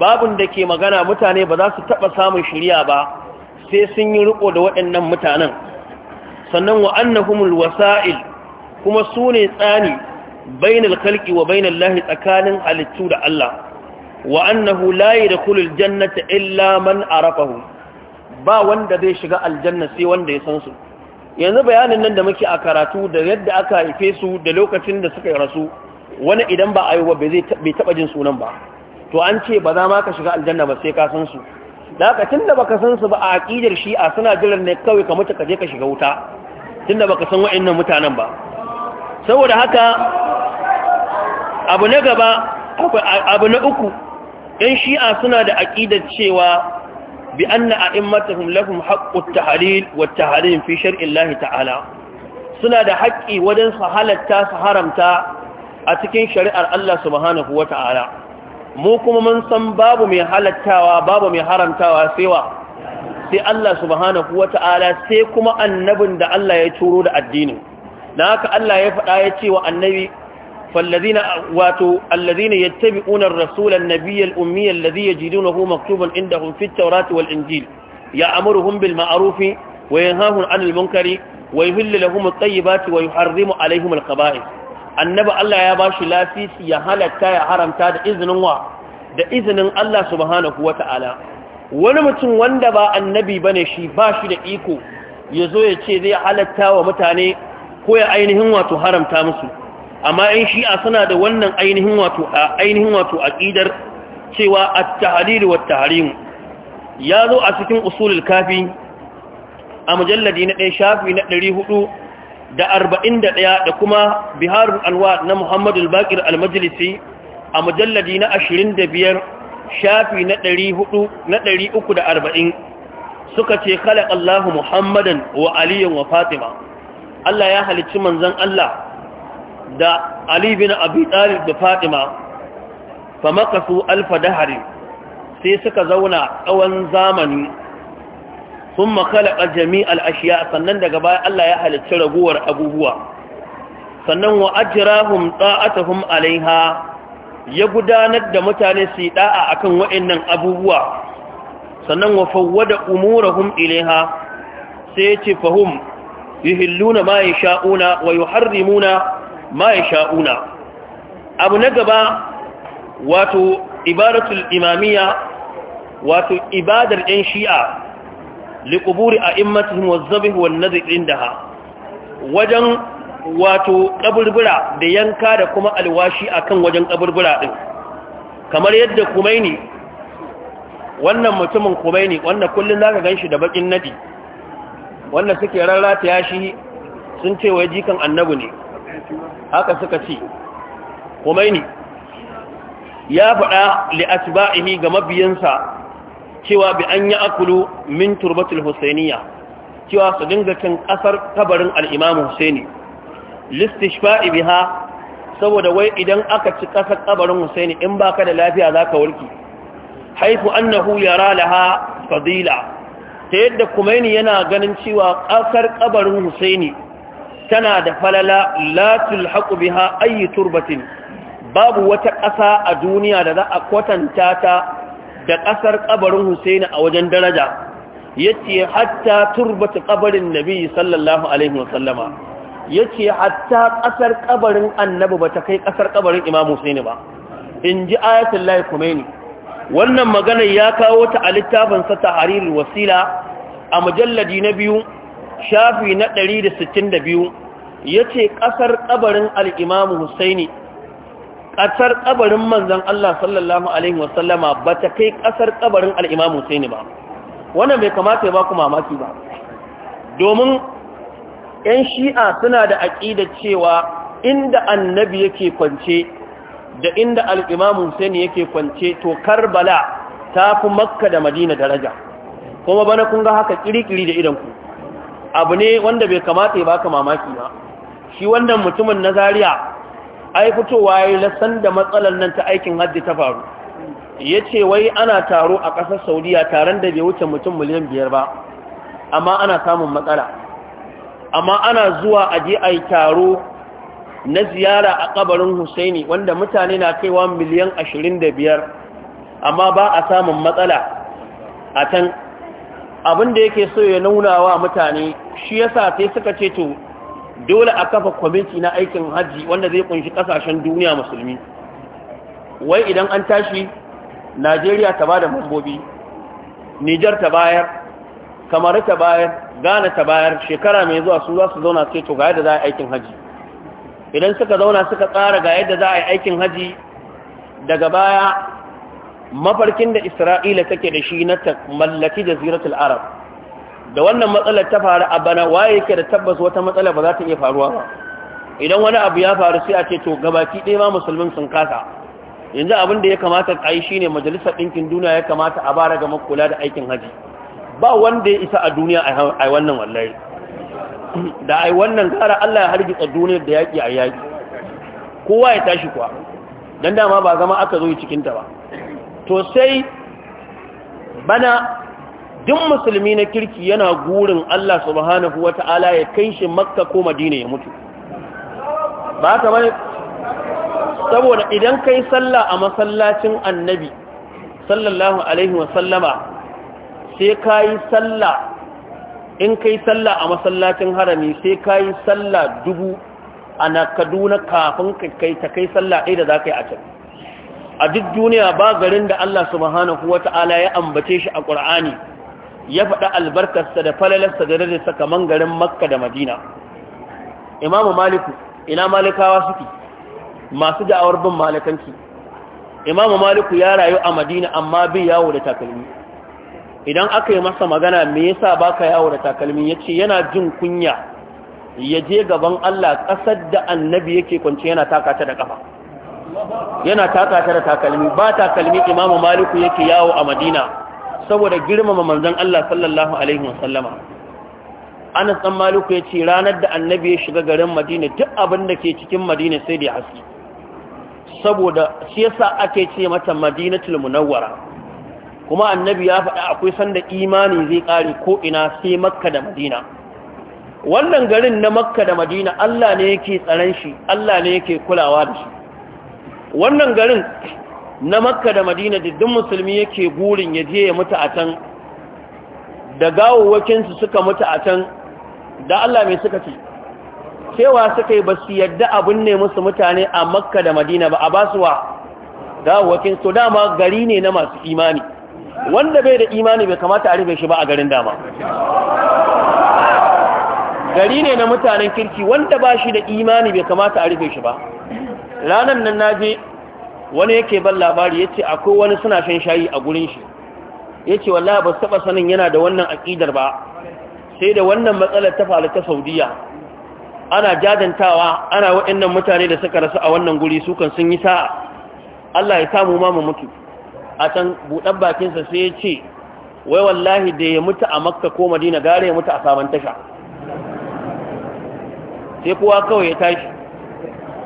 babin da ke magana mutane ba za su taɓa samun shirya ba sai sun yi riko da waɗannan mutanen sannan wa annahumul wasa'il kuma su ne tsani bainal kalki wa bainal lahi tsakanin halittu da Allah wa annahu da yadkhulul jannata illa man arafahu ba wanda zai shiga aljanna sai wanda ya san su yanzu bayanin nan da muke a karatu da yadda aka haife su da lokacin da suka rasu wani idan ba a yi wa bai taɓa jin sunan ba to an ce ba za ma ka shiga aljanna ba sai ka san su da tun da baka san su ba a aƙidar shi'a suna jiran ne kawai ka mutu ka je ka shiga wuta tun da baka san wa'annan mutanen ba saboda haka abu na gaba abu na uku yan shi'a suna da aƙidar cewa bi anna a'immatuhum lahum haqqut tahlil wa tahrim fi shar'illahi ta'ala suna da haƙƙi wajen su halatta su haramta a cikin shari'ar Allah subhanahu wa ta'ala mu kuma mun san babu mai halattawa babu mai haramtawa sai sai Allah subhanahu wa ta'ala sai kuma annabin da Allah ya turo da addinin Na haka Allah ya faɗa ya ce wa annabi fallazina wato allazina yattabi'una ar-rasulan nabiyyal ummi allazi yajidunahu maktuban indahum fit tawrati wal injil ya'muruhum bil ma'ruf wa yanhahum 'anil munkari wa yuhillu lahum at-tayyibati wa yuharrimu 'alayhim al-khaba'ith annabi Allah ya bashi lafisi ya halatta ya haramta da izinin Allah subhanahu wa ta'ala wani mutum wanda ba annabi bane shi ba shi da iko yazo ya ce zai halatta wa mutane ko ya ainihin wato haramta musu amma in shi'a suna da wannan ainihin wato ainihin wato aqidar cewa at-tahlil wa at-tahrim ya zo a cikin usulul kafi a mujalladi na ɗaya shafi na 441 da kuma biharul anwa na muhammadul baqir al-majlisi a mujalladi na 25 shafi na 400 na 340 suka ce khalaqa Allahu Muhammadan wa Aliyan wa Fatima Allah ya halicci manzan Allah da Ali bin Abi Talib da Fatima fa makasu alfa dahari sai suka zauna tsawon zamani sun makalaƙa jami'al ashiya sannan daga baya Allah ya halicci raguwar abubuwa sannan wa ajirahum ta'atuhum alaiha ya gudanar da mutane su da'a akan waɗannan abubuwa sannan wa fawwada umurahum ilaiha sai ya ce fahum yuhilluna ma sha'una, wa yuharrimuna ma sha'una. abu na gaba wato ibaratul imamiyya wato ibadar ɗan shi'a liquburi a waz-zabh wan-nadhr indaha wajen wato ƙaburbura da yanka da kuma alwashi akan wajen ƙaburbura din kamar yadda kumaini wannan mutumin kumaini wanda kullun zaka ganshi da baƙin nadi wanda suke rarrata ya shi sun ce wai jikan annabi ne haka suka ce kumaini ya faɗa li'atba'ihi ga mabiyansa cewa bi an yi akulu min turbatul husainiya cewa su dinga cin ƙasar kabarin al'imamu husaini listishfa'i biha saboda wai idan aka ci ƙasar kabarin husaini in baka da lafiya za ka warki haifu annahu yara laha fadila ta yadda kumaini yana ganin cewa ƙasar ƙabarin husaini tana da falala latul haƙu biha ayyi turbatin babu wata ƙasa a duniya da za a kwatanta ta da ƙasar ƙabarin husaini a wajen daraja ce hatta turbatu ƙabarin nabi sallallahu alaihi wasallama yace hatta ƙasar ƙabarin annabi ba ta kai ƙasar ƙabarin imam husaini ba in ji ayatullahi kumaini wannan maganar ya kawo ta a littafinsa ta haririn wasila a mujalladi na biyu shafi na 162 ya ce ƙasar ƙabarin al'imamu husaini ƙasar ƙabarin manzan Allah sallallahu Alaihi wasallama ba ta kai ƙasar ƙabarin al'imamu husaini ba wannan bai kamata ya ba kuma mamaki ba domin 'yan shi'a suna da aƙidar cewa inda annabi yake kwance da inda al'imamu ne yake kwance to Karbala ta fi Makka da Madina daraja kuma bana kun ga haka kirikiri da idan abu ne wanda bai kamata ya baka mamaki ba shi wannan mutumin na Zariya. ai fitowa yayi lasan da matsalar nan ta aikin hajji ta faru Ya ce wai ana taro a ƙasar Saudiya taron da bai wuce mutum miliyan biyar ba amma ana samun matsala amma ana zuwa a ji ai taro na ziyara a kabarin Husaini wanda mutane na kaiwa miliyan 25 amma ba a samun matsala a can abin da yake so ya nuna wa mutane shi yasa sai suka ce to dole a kafa kwamiti na aikin hajji wanda zai kunshi kasashen duniya musulmi wai idan an tashi Najeriya ta bada mambobi Nijar ta bayar Kamaru ta bayar Ghana ta bayar shekara mai zuwa su za su zauna sai to ga yadda za a aikin hajji idan suka zauna suka tsara ga yadda za a yi aikin haji daga baya mafarkin da isra'ila take da shi na mallaki jaziratul arab da wannan matsalar ta faru a bana waye yake da tabbas wata matsala ba za ta iya faruwa ba idan wani abu ya faru sai a ce to gabaki ɗaya ma musulmin sun kasa yanzu abin da ya kamata a yi shine majalisar ɗinkin duniya ya kamata a bara ga makula da aikin haji ba wanda ya isa a duniya a wannan wallahi da ai wannan gara Allah ya hargitsa duniyar da yaƙi a yaƙi kowa ya tashi kuwa don dama ba zama aka zo cikinta ba to sai bana duk musulmi na kirki yana gurin Allah subhanahu wa ta'ala ya kai shi makka ko madina ya mutu ba ka bane saboda idan kai sallah a masallacin annabi sallallahu alaihi wasallama sai ka yi sallah in kai sallah a masallacin harami sai ka yi sallah dubu a na kaduna kafin kai ta kai sallah ɗaya da za ka yi a can a duk duniya ba garin da Allah subhanahu wa ta'ala ya ambace shi a ƙur'ani ya faɗa albarkarsa da falalarsa da rarrasa kaman garin makka da madina imamu maliku ina malikawa suke masu da'awar bin malikanki. imamu maliku ya rayu a madina amma bai yawo da takalmi idan aka yi masa magana me yasa baka yawo da takalmi yace yana jin kunya yaje gaban Allah kasar da annabi yake kwance yana taka da kafa yana taka da takalmi ba takalmi Imam Malik yake yawo a Madina saboda girmama manzon Allah sallallahu alaihi wasallama Anas dan Malik yace ranar da annabi ya shiga garin Madina duk abin da ke cikin Madina sai da haske saboda shi yasa ake ce mata Madinatul Munawwara kuma annabi ya faɗa akwai sanda imani zai ƙare ko ina sai makka da madina wannan garin na makka da madina allah ne yake tsaron shi allah ne yake kulawa da shi wannan garin na makka da madina diddin musulmi yake burin ya je ya mutu a can da gawawakinsu suka mutu a can da allah mai suka ce cewa suka yi ba su yadda abin ne musu mutane a makka da madina ba a basuwa? su dama gari ne na masu imani wanda bai da imani bai kamata a rufe shi ba a garin dama gari ne na mutanen kirki wanda ba shi da imani bai kamata a rufe shi ba ranar nan na je wani yake ban labari ya ce akwai wani suna shan shayi a gurin shi ya ce wallah ba su taɓa sanin yana da wannan aƙidar ba sai da wannan matsalar ta faru ta saudiya ana jadantawa ana waɗannan mutane da suka rasu a wannan guri sukan sun yi sa'a Allah ya samu ma mu mutu a can buɗar bakinsa sai ya ce wai wallahi da ya mutu a makka ko madina gare ya mutu a saman tasha sai kowa kawai ya tashi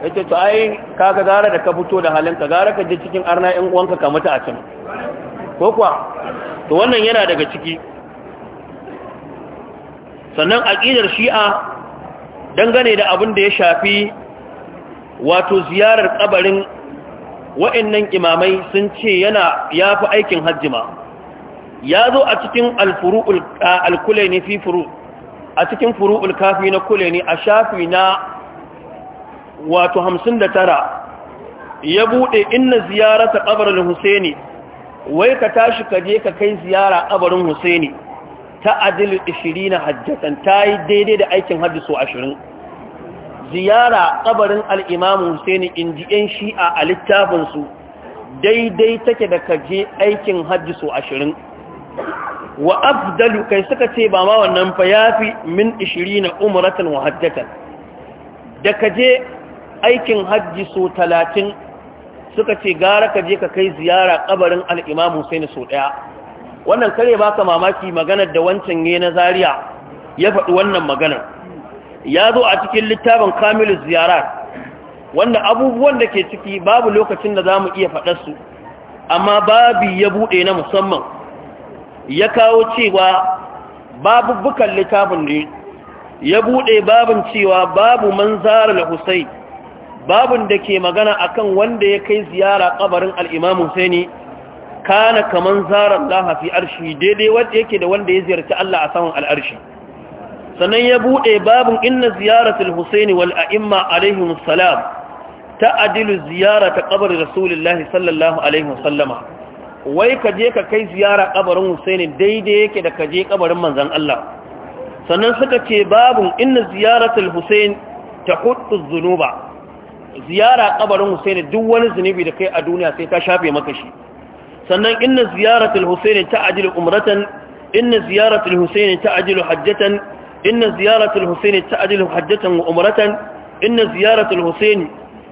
ya ce to ka ga gara da ka fito da halinka gara ka je cikin arna yan uwanka ka mutu a can ko kuwa to wannan yana daga ciki sannan aƙidar shi'a dangane da abin da ya shafi wato ziyarar ƙabarin. wa'annan imamai sun ce yana ya fi aikin hajji ma ya zo a cikin alkule ne fi furu a cikin furu ulkafi na kule ne a shafi na wato hamsin da tara ya buɗe inna ziyarata ƙabarin husaini wai ka tashi ka je ka kai ziyara ƙabarin husaini ta adil 20 hajjatan ta yi daidai da aikin hajji so 20. ziyara kabarin al'imamu Husaini in ji ‘yan shi'a a littafinsu daidai take da kaje aikin hajji so ashirin. Wa afdalu kai suka ce ba ma wannan fa ya fi min ishiri na umaratan wa hajjatan. Da kaje aikin hajji so talatin suka ce gara kaje ka kai ziyara kabarin al'imamu Husaini so ɗaya. Wannan kare baka mamaki maganar da wancan ne na zariya ya faɗi wannan maganar. ya zo a cikin littafin kamilu ziyara wanda abubuwan da ke ciki babu lokacin da za mu iya faɗarsu amma babi ya buɗe na musamman ya kawo cewa babu bukan littafin ne ya buɗe babin cewa babu man zara da husai babin da ke magana akan wanda ya kai ziyara kabarin al'imamu husaini kana zara zarar lahafi arshi daidai wadda yake da wanda ya ziyarci Allah a saman al'arshi sannan ya buɗe babin inna ziyaratul husaini wal a'imma alaihim salam ta adilu ziyara ta kabar rasulullahi sallallahu alaihi wasallama wai ka je ka kai ziyara kabarin husaini daidai yake da ka je kabarin manzon Allah sannan suka ce babin inna ziyaratul husaini ta hudu zunuba ziyara kabarin husaini duk wani zunubi da kai a duniya sai ta shafe maka shi sannan inna ziyaratul husaini ta ajilu umratan inna ziyaratul husaini ta ajilu hajjatan إن زيارة الحسين تعدل حجة وأمرة إن زيارة الحسين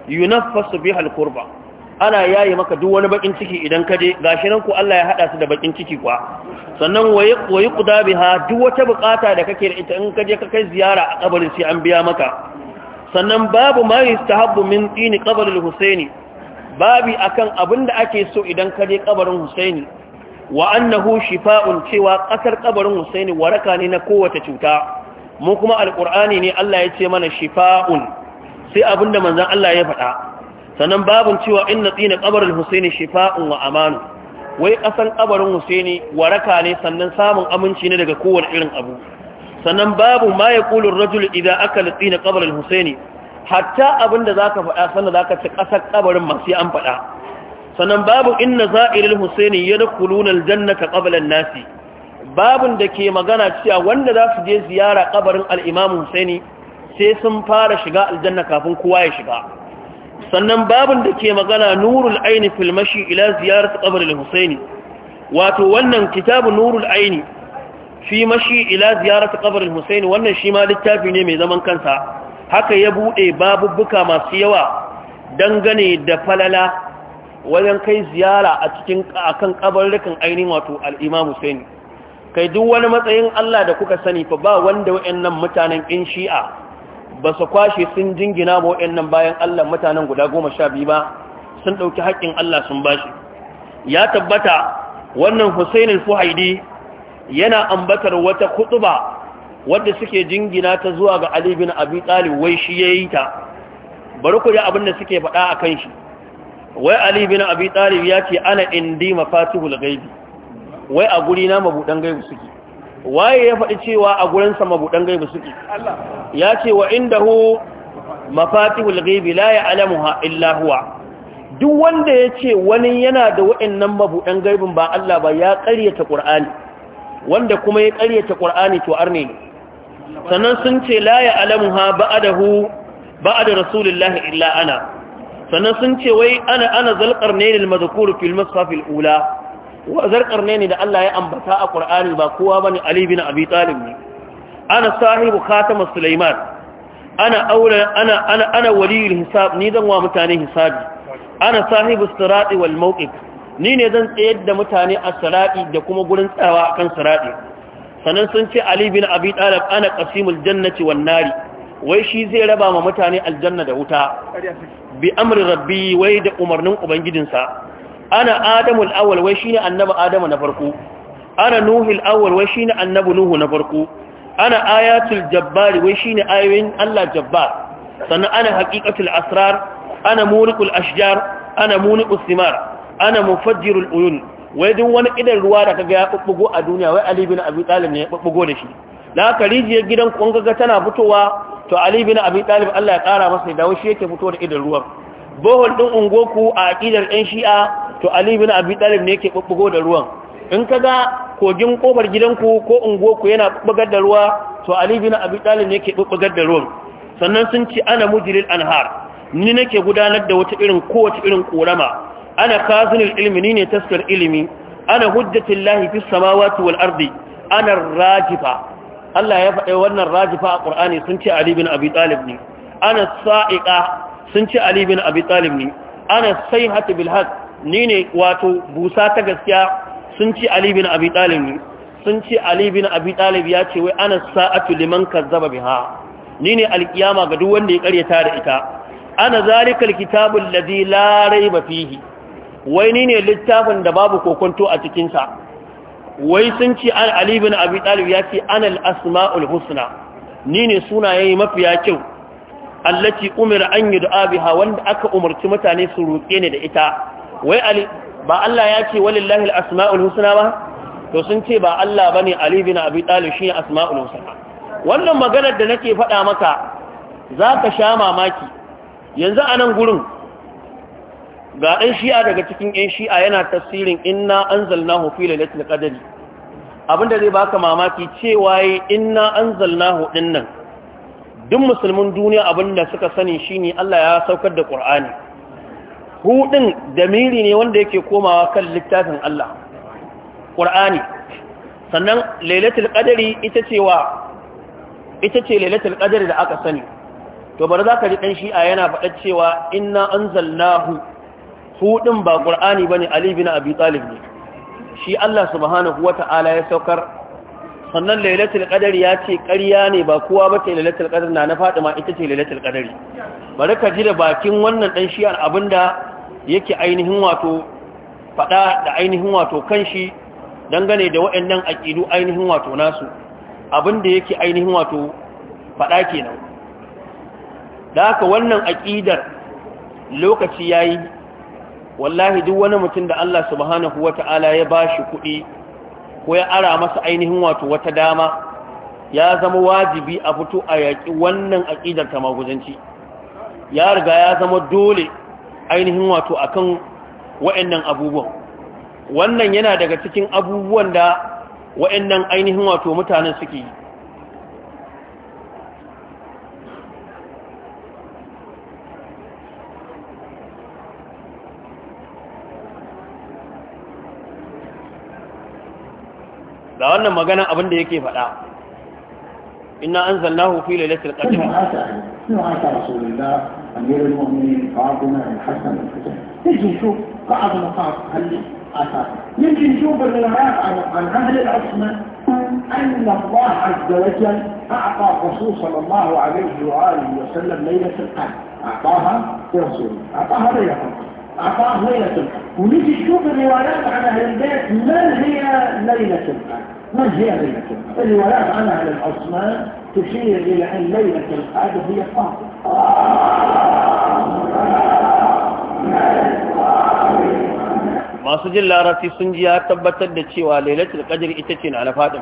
ينفس بها القربة أنا ياي مكا دون بكين تكي إذن كدي غاشنانكو ألا يحدث بكين تكي كوا sannan wa yi ƙuda biha duk wata buƙata da kake da ita in kaje ka kai ziyara a ƙabarin sai an biya maka sannan babu ma yi stahabbu min tsini ƙabarin husaini Babu akan abin da ake so idan kaje ƙabarin husaini wa annahu shifa'un cewa ƙasar kabarin husaini waraka ne na kowace cuta mu kuma alqur'ani ne Allah ya ce mana shifa'un sai abinda manzon Allah ya faɗa sannan babun cewa inna tsina kabarin husaini shifa'un wa amanu wai ƙasar kabarin husaini waraka ne sannan samun aminci ne daga kowane irin abu sannan babu ma Rajul ar-rajul idza akala tsina kabarin husaini hatta abinda zaka faɗa sannan zaka ci ƙasar kabarin ma sai an faɗa sannan babu inna za'iril husaini yadkhuluna aljannata qabla an-nasi babun da ke magana cewa wanda za su je ziyara kabarin al-imam husaini sai sun fara shiga aljanna kafin kowa ya shiga sannan babun da ke magana nurul aini fil mashi ila ziyarat qabril husaini wato wannan kitabu nurul aini fi mashi ila ziyarat qabril husaini wannan shi ma littafi ne mai zaman kansa haka ya bude babubbuka masu yawa dangane da falala wajen kai ziyara a cikin akan kabarrukan ainihin wato al-Imam kai duk wani matsayin Allah da kuka sani fa ba wanda wayannan mutanen in Shi'a ba su kwashe sun jingina ba wayannan bayan Allah mutanen guda goma sha biyu ba sun ɗauki haƙin Allah sun ba shi. ya tabbata wannan Husain al-Fuhaidi yana ambatar wata kutuba wadda suke jingina ta zuwa ga Ali bin Abi Talib wai shi yayi ta bari ku ji abin da suke faɗa akan shi wai ali bin abi talib ya ce ana indi mafatihul ghaibi wai a guri na mabudan gaibu suke waye ya faɗi cewa a gurinsa mabudan gaibu suke ya ce wa indahu mafatihul ghaibi la ya'lamuha illa huwa duk wanda ya ce wani yana da waɗannan mabuɗan gaibin ba Allah ba ya ƙaryata ƙur'ani wanda kuma ya ƙaryata ƙur'ani to arne ne sannan sun ce la ya alamuha ba'adahu ba'ada rasulullahi illa ana sannan sun ce wai ana ana zalƙar ne ne mazakuru fil masfafil ula wa zalƙar ne ne da Allah ya ambata a Qur'ani ba kowa ba ne bin Abi Talib ne ana sahibu khatam Suleiman. ana aula ana ana ana waliyul hisab ni zan wa mutane hisabi ana sahibu sirati wal mawqif ni ne zan tsayar da mutane a sirati da kuma gurin tsawa akan sirati sannan sun ce Ali bin Abi Talib ana qasimul jannati wan nari wai shi zai raba ma mutane aljanna da wuta bi amri rabbi wai da umarnin ubangijinsa ana adamu al wai shine annabi adamu na farko ana nuhu al wai shine annabi nuhu na farko ana ayatul jabbar wai shine ayoyin Allah jabbar sannan ana haqiqatul asrar ana muriqul ashjar ana muniqus simar ana mufajjirul uyun wai duk wani idan ruwa da kaga ya bubbugo a duniya wai ali bin abi talib ne ya bubbugo da shi da haka rijiyar gidan kungaga tana fitowa to ali bin abi talib Allah ya kara masa dawo shi yake fito da idan ruwan bohol din ungoku a akidar ɗan shi'a to ali bin abi talib ne yake bubbugo da ruwan in kaga kogin kofar gidanku ko ungoku yana bubbugar da ruwa to ali bin abi talib ne yake bubbugar da ruwan sannan sun ci ana mujril anhar ni nake gudanar da wata irin ko wata irin korama ana kazinul ilmi ni ne taskar ilimi ana hujjatul fis samawati wal ardi ana rajifa Allah ya faɗa wannan rajifa a Qur'ani sun ce Ali bin Abi Talib ne ana sa'iqa sun ce Ali bin Abi Talib ne ana sayhatu bil haq ni ne wato busa ta gaskiya sun ce Ali bin Abi Talib ne sun ce Ali bin Abi Talib ya ce wai ana sa'atu liman kazzaba biha ni ne alkiyama ga duk wanda ya karyata da ita ana zalikal kitabul ladhi la rayba fihi wai ni ne littafin da babu kokonto a cikin sa wai sun ce an alibin bin abi ya ce an al’asma’ul husna ni ne sunaye mafiya kyau allaci Umar an yud'a biha wanda aka umarci mutane su roƙe ne da ita wai ali ba Allah ya ce walillahi Lahil asmaul husna ba to sun ce ba Allah ba ne bin abi talib shi asma'ul husna wannan maganar da nake faɗa maka Za ka sha mamaki yanzu a nan gurin ga ɗan shi'a daga cikin ƴan shi'a yana tasirin inna anzalnahu fi lailatul qadri abinda zai baka mamaki cewa inna anzalnahu dinnan duk musulmin duniya abinda suka sani shine Allah ya saukar da Qur'ani hudin damiri ne wanda yake komawa kan littafin Allah Qur'ani sannan lailatul qadri ita ce ita ce lailatul da aka sani to za ka ji dan shi'a yana faɗa cewa inna anzalnahu su din ba qur'ani bane ali bin abi talib ne shi Allah subhanahu ta'ala ya saukar sannan lailatul qadari ya ce ƙarya ne ba kowa ba ce lailatul qadar na na ma ita ce lailatul qadari bari ka ji da bakin wannan dan shi'ar abinda yake ainihin wato fada da ainihin wato kanshi dangane da waɗannan aqidu ainihin wato nasu abinda yake ainihin wato fada kenan da haka wannan aqidar lokaci yayi wallahi duk wani mutum da Allah subhanahu wata'ala ya ba shi kuɗi ko ya ara masa ainihin wato wata dama ya zama wajibi a fito a yaƙi wannan aƙidar ta maguzanci ya riga ya zama dole ainihin wato akan wa'annan abubuwan wannan yana daga cikin abubuwan da wa'annan ainihin wato mutanen suke yi ga wannan magana abin da yake faɗa inna anzalnahu fi lailatul qadr سمعت رسول الله أمير المؤمنين بعضنا الحسن والحسين نجي نشوف بعض نقاط هل أثر نجي نشوف الروايات عن أهل العصمة أن الله عز وجل أعطى الرسول صلى الله عليه وآله وسلم ليلة القدر أعطاها لرسوله أعطاها ليلة القدر أعطاه ليلة القدر ونجي نشوف الروايات عن أهل البيت من هي ليلة القدر من هي ليلة القدر الروايات عن أهل العثمان تشير إلى أن ليلة القدر هي فاطمة masu jin راتي sun ji ya وليلة da cewa على qadr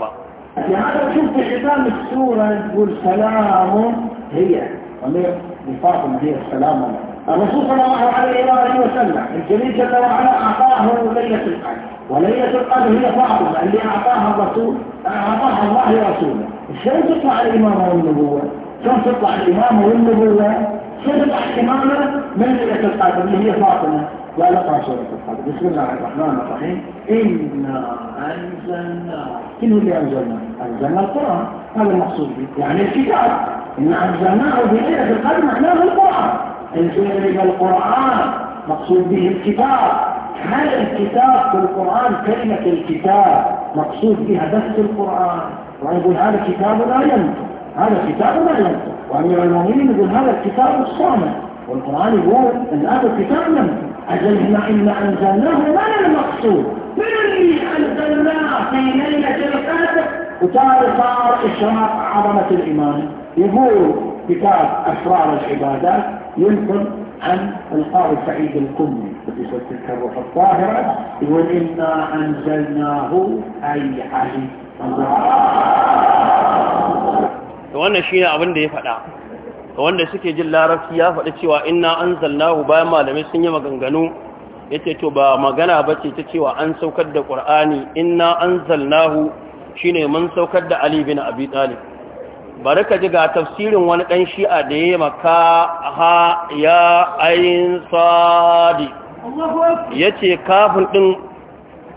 يعني هذا شوف في يعني السورة تقول سلام هي ومير لفاطمة هي السلام عليكم الرسول صلى الله عليه وآله وسلم الجليل جل وعلا أعطاه ليلة القدر وليلة القدر هي فاطمة اللي أعطاها الرسول أعطاها الله لرسوله شلون تطلع الإمامة والنبوة؟ شلون تطلع الإمامة والنبوة؟ شلون تطلع الإمامة من ليلة القدر اللي هي فاطمة وألقى سورة القدر بسم الله الرحمن الرحيم إنا أنزلنا كل اللي أنزلنا أنزلنا القرآن هذا المقصود يعني الكتاب إن أنزلناه بليلة القدر معناه القرآن من القرآن مقصود به الكتاب هل الكتاب في القرآن كلمة الكتاب مقصود بها بس القرآن ويقول هذا كتاب لا ينطق هذا كتاب لا ينطق وأمير المؤمنين يقول هذا الكتاب الصامت والقرآن يقول أن هذا الكتاب لم أجل ما إلا أنزلناه من المقصود من اللي أنزلناه في ليلة القدر وتالي صار إشراق عظمة الإيمان يقول ببعض أسرار العبادات ينقل عن القاضي سعيد القمي في سلسلة الروح الطاهرة يقول إنا أنزلناه أي علي wannan shi ne abin da ya faɗa wanda suke jin larabci ya faɗi cewa ina an zallahu bayan malamai sun yi maganganu ya ce to ba magana ba ce ta cewa an saukar da ƙur'ani ina an zallahu shi ne mun saukar da ali bin abi talib bari ka ji ga tafsirin wani ɗan shi'a da ya maka ha ya ayin sadi ya ce kafin ɗin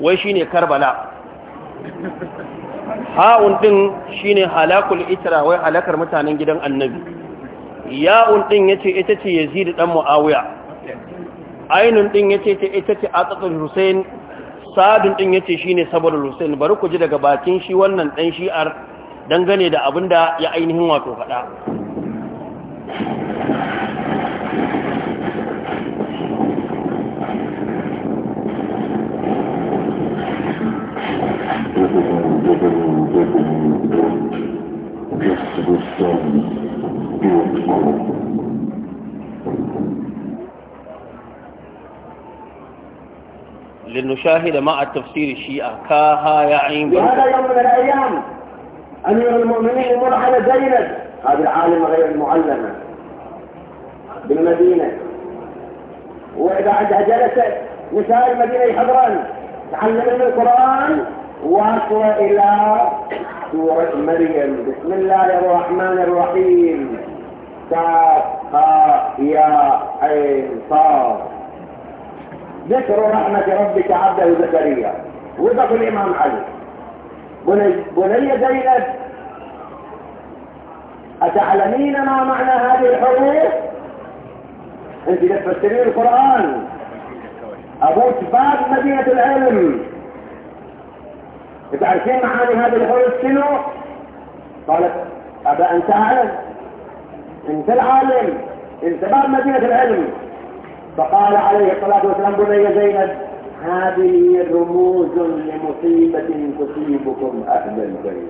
wai shi ne karbala ha'un ɗin shi ne halakul itira wai halakar mutanen gidan annabi ya'un ɗin ya ce ita ce yazid ɗan mu'awuya ainihin ɗin ya ce ita ce a tsatsar hussein sadin ɗin ya ce shi ne saboda hussein bari ku ji daga bakin shi wannan ɗan shi'ar dangane da abin da ya ainihin wato faɗa لنشاهد مع التفسير الشيعة كاها يا عين هذا يوم من الأيام أمير المؤمنين مرحلة زينب هذه العالمة غير المعلمة بالمدينة وإذا عندها جلست نساء المدينة يحضرن تعلمن القرآن واصلة إلى سورة مريم بسم الله الرحمن الرحيم ها يا عين ص ذكر رحمة ربك عبده زكريا وذكر الإمام علي بني بني أتعلمين ما معنى هذه الحروف انت تفسرين القرآن أبوك باب مدينة العلم تعرفين معاني هذه الحروف شنو قالت أبا أنت عالم أنت العالم أنت باب مدينة العلم فقال عليه الصلاة والسلام بني زينب هذه رموز لمصيبة تصيبكم أهل البيت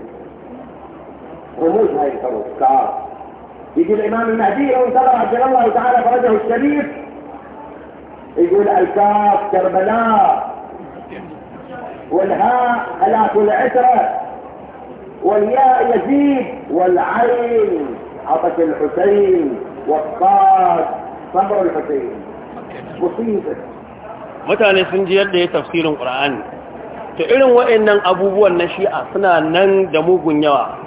رموز هاي الحروف تعال يجي الإمام المهدي لو انتظر عجل الله تعالى فرجه الشريف يقول الكاف كربلاء والهاء هلاك العترة والياء يزيد والعين عطش الحسين والصاد صبر الحسين مصيبة mutane sun ji yadda ya tafsirin ƙura'ani ta irin wa'annan abubuwan na shi'a suna nan da mugun yawa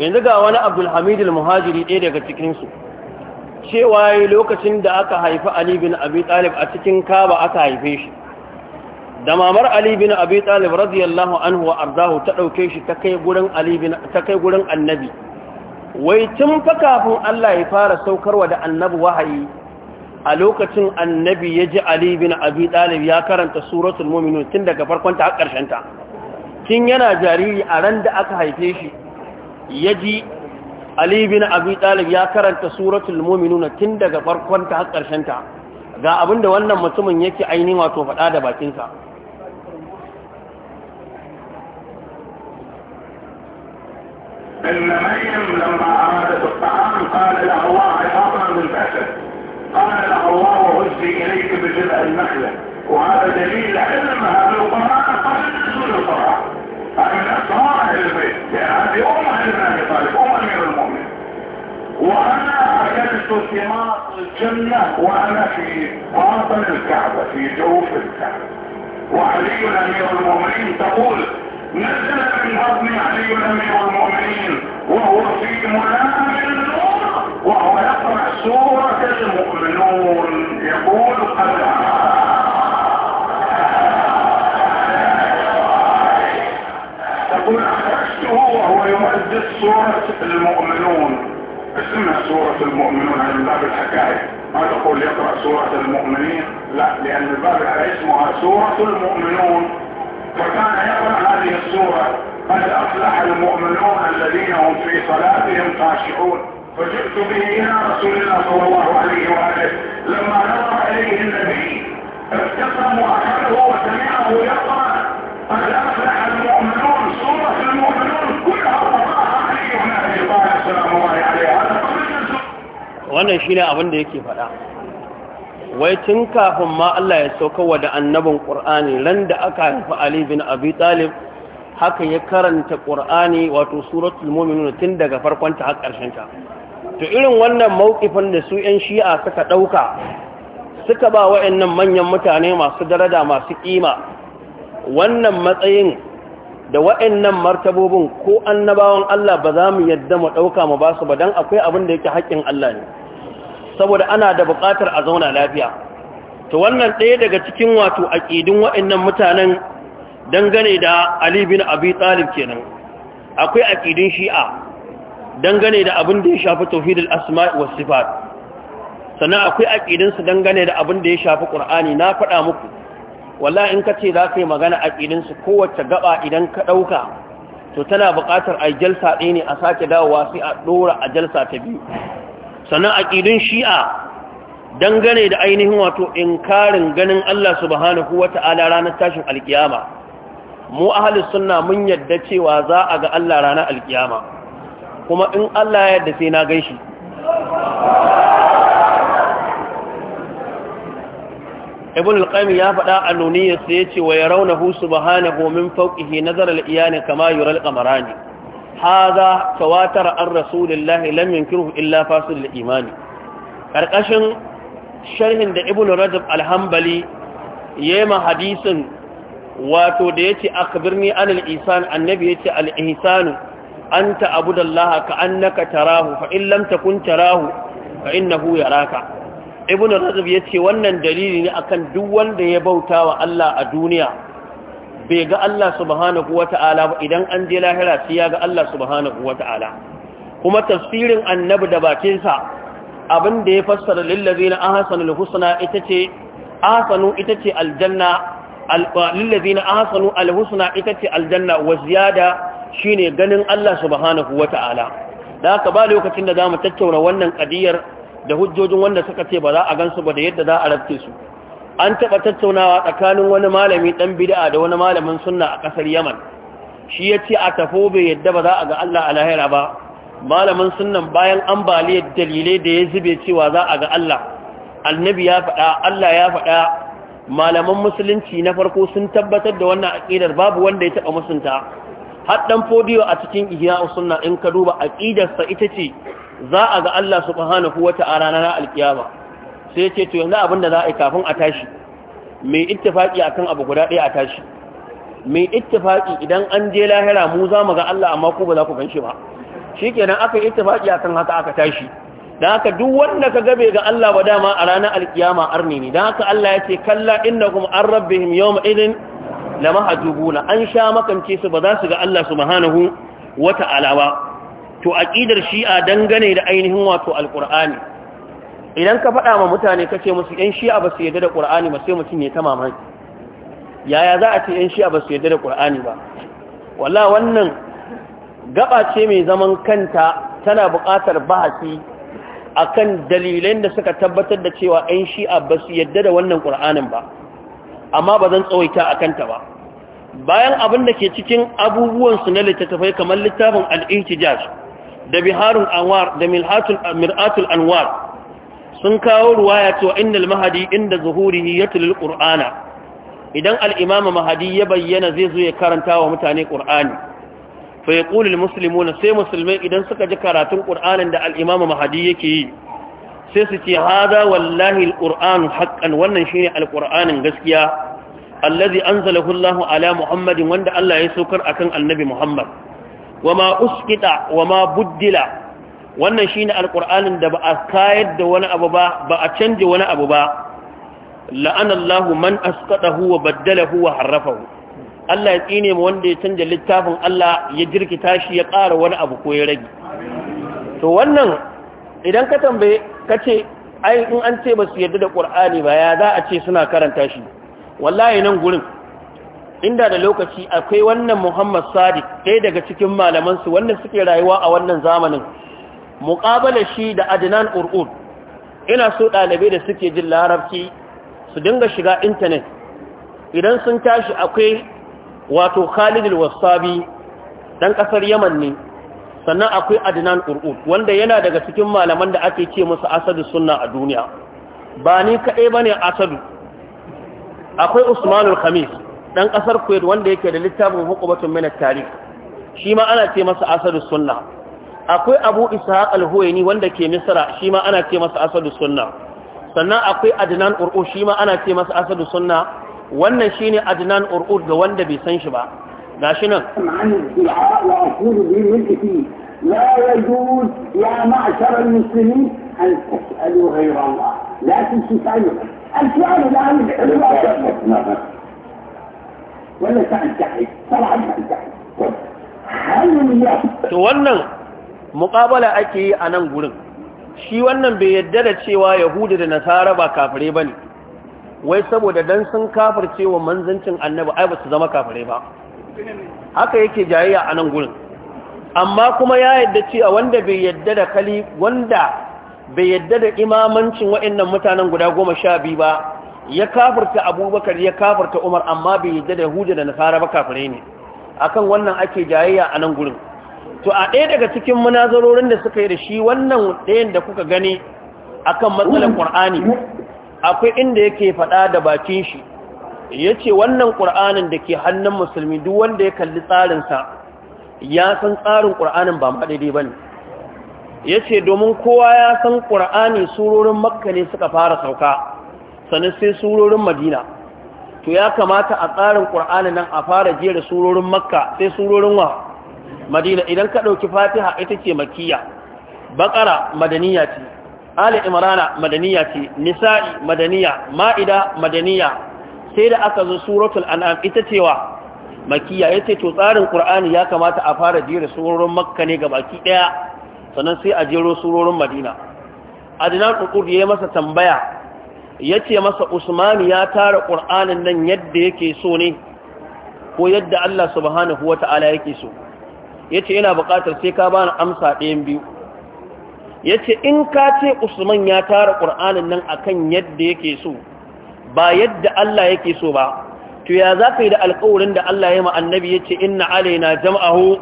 yanzu ga wani abdulhamidul muhajiri ɗaya daga cikinsu cewa lokacin da aka haifi ali bin abi talib a cikin kaba aka haife shi da mamar ali bin abi talib radiyallahu anhu wa arzahu ta ɗauke shi ta kai gurin annabi wai tun fa kafin allah ya fara saukarwa da annabi wahayi a lokacin annabi ya ji Ali bin Abi Talib ya karanta suratul mu'minun tun daga farkon ta har ƙarshen ta tun yana jariri a ran da aka haife shi ya ji Ali bin Abi Talib ya karanta suratul mu'minun tun daga farkon ta har ƙarshen ta ga abinda wannan mutumin yake ainihin wato faɗa da bakinsa إن مريم لما أرادت الطعام قال له الله عطاء من فسد أمنع الله عزي إليك بجبع النخلة وهذا دليل علم هذا قبل نزول القرآن من أسرار أهل البيت يعني هذه أمة لبنان طالب طيب، أمة من المؤمن وأنا أكلت ثمار الجنة وأنا في باطن الكعبة في جوف الكعبة وعلي أمير المؤمنين تقول نزل من هضم علي أمير المؤمنين وهو في ملام النور وهو يقرأ سورة المؤمنون يقول قد أخرجته وهو يؤدي سورة المؤمنون اسمها سورة المؤمنون عن باب الحكاية ما تقول يقرأ سورة المؤمنين لا لأن الباب اسمها سورة المؤمنون فكان يقرأ هذه السورة قد أفلح المؤمنون الذين هم في صلاتهم خاشعون فجئت به الى رسول الله صلى الله عليه وسلم لما نظر اليه النبي ابتسم اخذه وسمعه يقرا قد افلح المؤمنون سوره المؤمنون كلها قراها عليه ونبي طه السلام الله عليه هذا wannan shi ne abin da yake faɗa wai tun kafin ma Allah ya saukowa da annabin ƙur'ani ran da aka haifi Ali bin Abi Talib haka ya karanta ƙur'ani wato suratul mu'minun tun daga farkonta har ƙarshenta to irin wannan mawkifin da su 'yan shi'a suka ɗauka suka ba wa'annan manyan mutane masu darada masu ƙima wannan matsayin da wa'annan martabobin ko annabawan Allah ba za mu yadda mu ɗauka mu ba su ba don akwai abin da yake haƙƙin Allah ne saboda ana da buƙatar a zauna lafiya to wannan ɗaya daga cikin wato aƙidin wa'annan mutanen dangane da Ali bin Abi Talib kenan akwai aƙidin Shi'a dangane da abin da ya shafi tauhidul asma was sifat sannan akwai aqidin su dangane da abin da ya shafi qur'ani na faɗa muku wallahi in kace za ka yi magana aqidin su kowace gaba idan ka dauka to tana buƙatar a jalsa ɗaya ne a sake dawowa sai a dora a jalsa ta biyu sannan aqidin shi'a dangane da ainihin wato inkarin ganin Allah subhanahu wata'ala ranar tashin alkiyama mu ahlus sunna mun yadda cewa za a ga Allah ranar alkiyama kuma in Allah ya yarda sai na shi. ibn al-qayyim ya faɗa a nuniyar sa ce wa yarawnahu subhanahu min fawqihi nazar al-iyani kama yura al-qamarani hadha tawatar an rasulillahi lam kirhu illa fasil al-iman karkashin sharhin da ibn rajab al-hanbali yema hadisin wato da yace akhbirni an al-ihsan annabi yace al Ihsanu. an ta'budallaha ka annaka tarahu fa in lam takun tarahu fa innahu ibn ibnu ya ce wannan dalili ne akan duk wanda ya wa Allah a duniya bai ga Allah subhanahu ta'ala ba idan an je lahira sai ya ga Allah subhanahu ta'ala. kuma tafsirin annabi da bakinsa sa abin da ya fassara lillazina ahsanul husna ita ce ahsanu ita ce aljanna lillazina ahsanu alhusna ita ce aljanna wa ziyada Shi ne ganin Allah subhanahu ta’ala da aka ba lokacin da za mu tattauna wannan kadiyar da hujjojin wanda suka ce ba za a gansu ba da yadda za a rabce su an taɓa tattaunawa tsakanin wani malami dan bid'a da wani malamin sunna a ƙasar Yaman shi ya ce a tafo bai yadda ba za a ga Allah a lahira ba malamin sunnan bayan ambaliyar dalilai da ya zube cewa za a ga Allah annabi ya faɗa Allah ya faɗa malaman musulunci na farko sun tabbatar da wannan aƙidar babu wanda ya taɓa musunta haddan fodiyo a cikin ihya sunna in ka duba aqidarsa ita ce za a ga Allah subhanahu wata'ala na alkiyama sai ce to yanzu abinda za a yi kafin a tashi mai ittifaki akan abu guda ɗaya a tashi mai ittifaki idan an je lahira mu za mu ga Allah amma ku ba za ku ganshi ba shikenan aka yi ittifaki akan haka aka tashi dan haka duk wanda ka gabe ga Allah ba dama a ranar alkiyama arni ne dan haka Allah ya ce kalla innakum an rabbihim yawma idin na an sha makance su ba za su ga Allah subhanahu wata'ala ba to aqidar shi'a dangane da ainihin wato alqur'ani idan ka faɗa ma mutane kace musu yan shi'a ba su da qur'ani ba sai mutum ya ta mamaki yaya za a ce yan shi'a ba su yarda da qur'ani ba wallahi wannan gaba ce mai zaman kanta tana buƙatar bahasi akan dalilan da suka tabbatar da cewa yan shi'a ba su yarda da wannan qur'anin ba amma ba zan tsawaita a kanta ba bayan abin da ke cikin abubuwansu na littattafai kamar littafin al'intijaj da biharun anwar da mir'atul anwar sun kawo ruwaya cewa innal mahadi inda zuhuri ya tulil ƙur'ana idan al'imama mahadi ya bayyana zai zo ya karanta wa mutane ƙur'ani fa ya ƙulil musulmi na sai musulmai idan suka ji karatun ƙur'anin da al'imama mahadi yake yi sai su ce haza wallahi al'ur'anu haƙƙan wannan shi ne al'ur'anin gaskiya allazi anzalahu Allah ala Muhammadin wanda Allah ya saukar akan annabi Muhammad wama wama buddila wannan shine alqur'anin da ba a kayar da wani abu ba ba a canje wani abu ba La'anallahu Allah man asqatahu wa baddalahu wa harrafahu Allah ya tsine mu wanda ya canja littafin Allah ya jirkita shi ya ƙara wani abu ko ya rage to wannan idan ka tambaye kace ai in an ce ba su yarda da ƙur'ani ba ya za a ce suna karanta shi wallahi nan gurin inda da lokaci akwai wannan Muhammad Sadiq ɗaya daga cikin malamansu wanda suke rayuwa a wannan zamanin muƙabalar shi da Adnan Ur'ud ina so ɗalibai da suke jin larabci su dinga shiga intanet idan sun tashi akwai wato Khalid al-Wasabi dan ƙasar Yemen ne sannan akwai Adnan Ur'ud wanda yana daga cikin malaman da ake ce musu Asadu Sunna a duniya ba ni kaɗai bane Asadu akwai usmanul khamis dan kasar kuwait wanda yake da littafin hukumatun min at-tarikh shi ma ana ce masa asadus sunna akwai abu ishaq al huwayni wanda ke misra shi ma ana ce masa asadus sunna sannan akwai adnan urqu shi ma ana ce masa asadus sunna wannan shine adnan urqu ga wanda bai san shi ba gashi nan لا يجوز يا معشر المسلمين أن تسألوا غير الله لا تنسوا سائلهم السؤال الآن ولا to wannan muƙabala ake yi a nan gurin shi wannan bai yadda da cewa yahudu da nasara ba kafirai ba ne wai saboda don sun kafirce wa manzancin annabi ai ba su zama kafirai ba haka yake jayayya a nan gurin amma kuma ya yadda cewa wanda bai yadda da kali wanda bai yadda da imamancin wa'annan mutanen guda goma sha biyu ba ya kafirta abubakar ya kafirta umar amma bai yadda da hujja da nasara ba kafirai ne akan wannan ake jayayya a nan gurin to a ɗaya daga cikin munazarorin da suka yi da shi wannan ɗayan da kuka gani akan matsalar ƙur'ani akwai inda yake faɗa da bakin shi ya ce wannan ƙur'anin da ke hannun musulmi duk wanda ya kalli tsarinsa ya san tsarin ƙur'anin ba maɗaɗe ba ne ya ce domin kowa ya san ƙura'ani surorin makka ne suka fara sauka sannan sai surorin madina to ya kamata a tsarin ƙura'ani nan a fara jera surorin makka sai surorin wa madina idan ka ɗauki fatiha ita ce makiya baƙara madaniya ce ali imrana madaniya ce nisa'i madaniya ma'ida madaniya sai da aka zo suratul an'am ita ce wa makiya ya ce to tsarin ƙura'ani ya kamata a fara jera surorin makka ne ga baki ɗaya sannan sai a jero surorin madina dina ƙuƙur ya yi masa tambaya ya ce masa usman ya tara ƙur'anin nan yadda yake so ne ko yadda allah subhanahu wa ta'ala yake so ya ce yana buƙatar sai ka bani amsa ɗayan biyu ya ce in ka ce usman ya tara ƙur'anin nan akan yadda yake so ba yadda allah yake so ba to ya za ka yi da alƙawarin da allah ya ma annabi ya ce inna alaina jam'ahu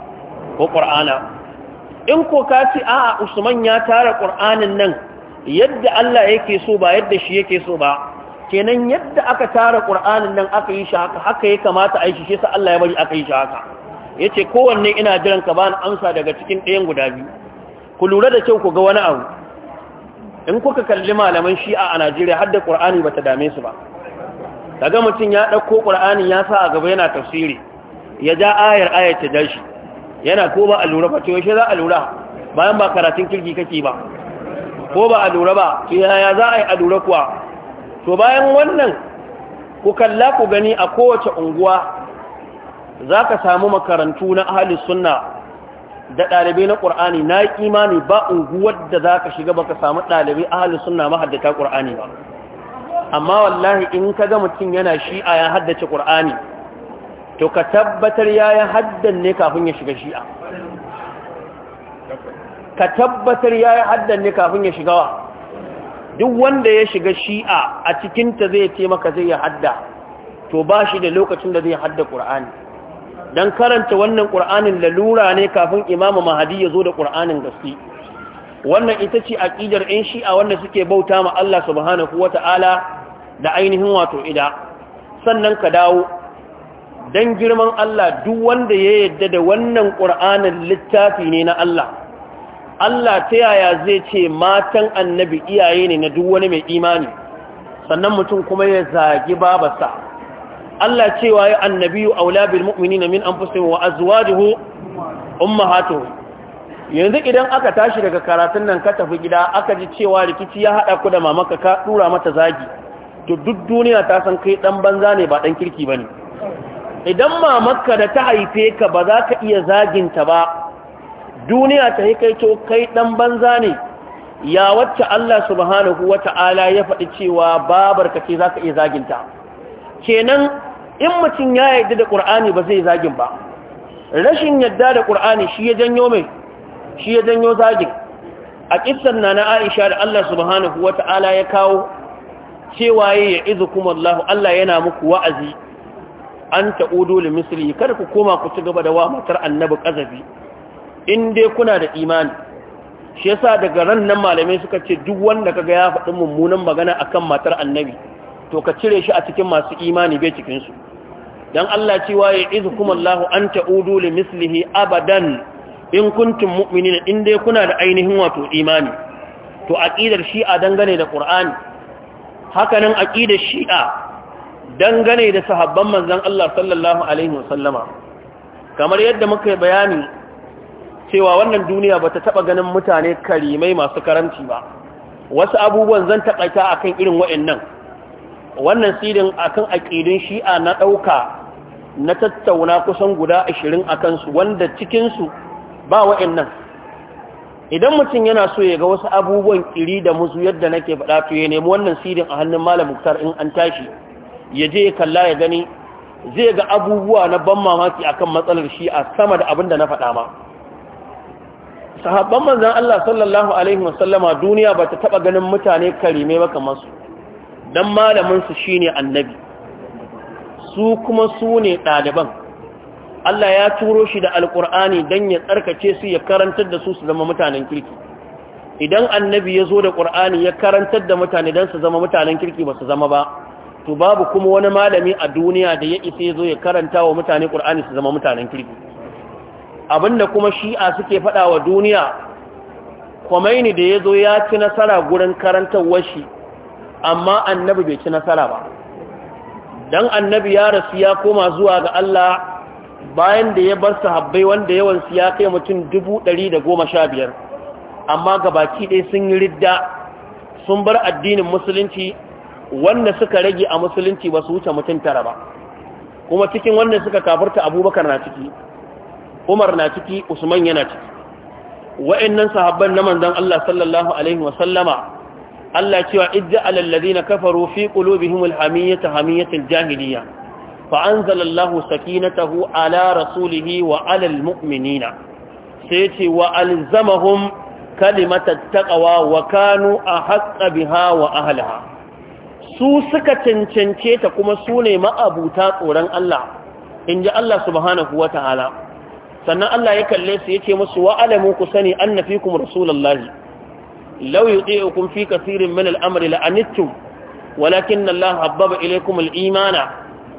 ko ƙur'ana in ko ka ce a'a usman ya tara ƙur'anin nan yadda Allah yake so ba yadda shi yake so ba kenan yadda aka tara ƙur'anin nan aka yi shi haka haka ya kamata a yi shi sai Allah ya bari aka yi shi haka yace kowanne ina jiran ka bani amsa daga cikin ɗayan guda biyu ku lura da kyau ku ga wani abu in kuka kalli malaman shi'a a Najeriya har da ba ta dame su ba kaga mutum ya ɗauko ƙur'ani ya sa a gaba yana tafsiri ya ja ayar ayar ta dashi yana ko ba a lura ba yaushe za a lura bayan ba karatun kirki kake ba ko ba a lura ba to yaya za a yi a lura kuwa to bayan wannan ku kalla ku gani a kowace unguwa za ka samu makarantu na ahalus sunna da ɗalibai na ƙur'ani na imani ba unguwar da za ka shiga ba ka samu ɗalibai ahalus sunna mahaddata ƙur'ani ba amma wallahi in ka ga mutum yana shi'a ya haddace ƙur'ani to ka tabbatar yayin haddan ne kafin ya shiga shi'a ka tabbatar yayin haddan ne kafin ya shiga wa duk wanda ya shiga shi'a a cikinta zai ce maka zai ya hadda to ba shi da lokacin da zai hadda ƙur'ani don karanta wannan ƙur'anin lalura ne kafin imamu mahadi ya zo da ƙur'anin gaske wannan ita ce aƙidar 'yan shi'a wanda suke bauta ma Allah subhanahu wa ta'ala da ainihin wato ida sannan ka dawo dan girman Allah duk wanda ya yarda da wannan Qur'anin littafi ne na Allah Allah ta yaya zai ce matan annabi iyaye ne na duk wani mai imani sannan mutum kuma ya zagi babarsa Allah cewa ya annabi annabiyu aula bil mu'minina min anfusihim wa azwajuhu ummahatuhum yanzu idan aka tashi daga karatun nan ka tafi gida aka ji cewa rikici ya haɗa ku da mamaka ka ɗura mata zagi to duk duniya ta san kai ɗan banza ne ba ɗan kirki ba ne idan mamakka da ta haife ka ba za ka iya zaginta ba duniya ta yi kai to kai ɗan banza ne ya wacce Allah subhanahu wa ya faɗi cewa babar ka ce za ka iya zaginta kenan in mutum ya yadda da ƙur'ani ba zai zagin ba rashin yadda da ƙur'ani shi ya janyo mai shi ya janyo zagin a ƙistan Nana aisha da Allah subhanahu wa ta'ala ya kawo cewa ya izu kuma Allah yana muku wa'azi an ta'udu li misli kada ku koma ku ci gaba da wa matar annabi kazafi in dai kuna da imani shi yasa daga ran nan malamai suka ce duk wanda kaga ya faɗi mummunan magana akan matar annabi to ka cire shi a cikin masu imani bai cikin su dan Allah cewa ya izkum Allah an ta'udu li mislihi abadan in kuntum mu'minin in dai kuna da ainihin wato imani to aqidar shi'a dangane da qur'ani haka nan aqidar shi'a dangane da sahabban manzan Allah sallallahu alaihi wasallama kamar yadda muka bayani cewa wannan duniya ta taba ganin mutane karimai masu karanci ba wasu abubuwan zan takaita akan irin waɗannan wannan sidin akan aƙidin shi'a na ɗauka na tattauna kusan guda ashirin a kansu wanda cikinsu ba waɗannan idan mutum yana so ya ga wasu abubuwan kiri da musu yadda nake faɗa to ya nemi wannan sidin a hannun malam muktar in an tashi ya je ya kalla ya gani zai ga abubuwa na ban mamaki akan matsalar shi a sama da abin da na faɗa ma sahabban manzan Allah sallallahu alaihi wasallama duniya ba ta taɓa ganin mutane karime ba kamar su don malaminsu shi ne annabi su kuma su ne ɗaliban Allah ya turo shi da alƙur'ani don ya tsarkace su ya karantar da su su zama mutanen kirki idan annabi ya zo da ƙur'ani ya karantar da mutane don su zama mutanen kirki ba su zama ba to babu kuma wani malami a duniya da ya isa zo ya karanta wa mutane ƙul'ani su zama mutanen kirki abinda kuma shi'a suke faɗa wa duniya ne da ya zo ya ci nasara gurin karantarwar shi amma annabi bai ci nasara ba Don annabi ya rasu ya koma zuwa ga Allah bayan da ya bar sahabbai wanda yawan su ya kai mutum dubu da goma sha biyar, amma gabaki ɗaya sun yi ridda sun bar addinin musulunci wanda suka rage a musulunci ba su wuce mutum tara ba kuma cikin wanda suka kafarta abubakar na ciki umar na ciki usman yana ciki wa'annan sahabban na manzon Allah sallallahu alaihi wa sallama Allah cewa idda alal ladina kafaru fi qulubihim alhamiyata hamiyatil jahiliya fa anzala Allahu sakinatahu ala rasulihi wa alal mu'minina sai ce wa alzamahum kalimatat taqwa wa kanu ahqqa biha wa ahliha su suka cancance ta kuma su ne ma'abuta tsoron Allah in ji Allah subhanahu wa ta'ala sannan Allah ya kalle su ya ce musu wa'alamu ku sani an na fi kuma rasulallah. lau yi tsaye hukun fi kasirin min al'amari la'anittum walakin Allah habbaba ilaikum al'imana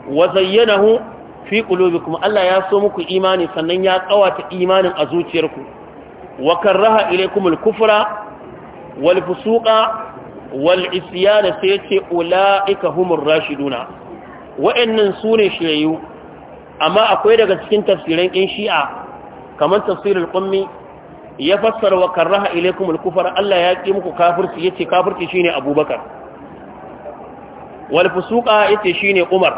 wa zayyanahu fi kuma Allah ya so muku imani sannan ya kawata imanin a zuciyarku wa karraha ilaikum al-kufra wal fusuqa wal sai yace ulaika humur rashiduna su sune shirayu amma akwai daga cikin tafsirin ɗin shi'a kamar tafsirin qummi ya fassara wa karaha ilaykumul kufar Allah ya ƙi muku kafirci yace kafirci ne abubakar ya ce yace ne umar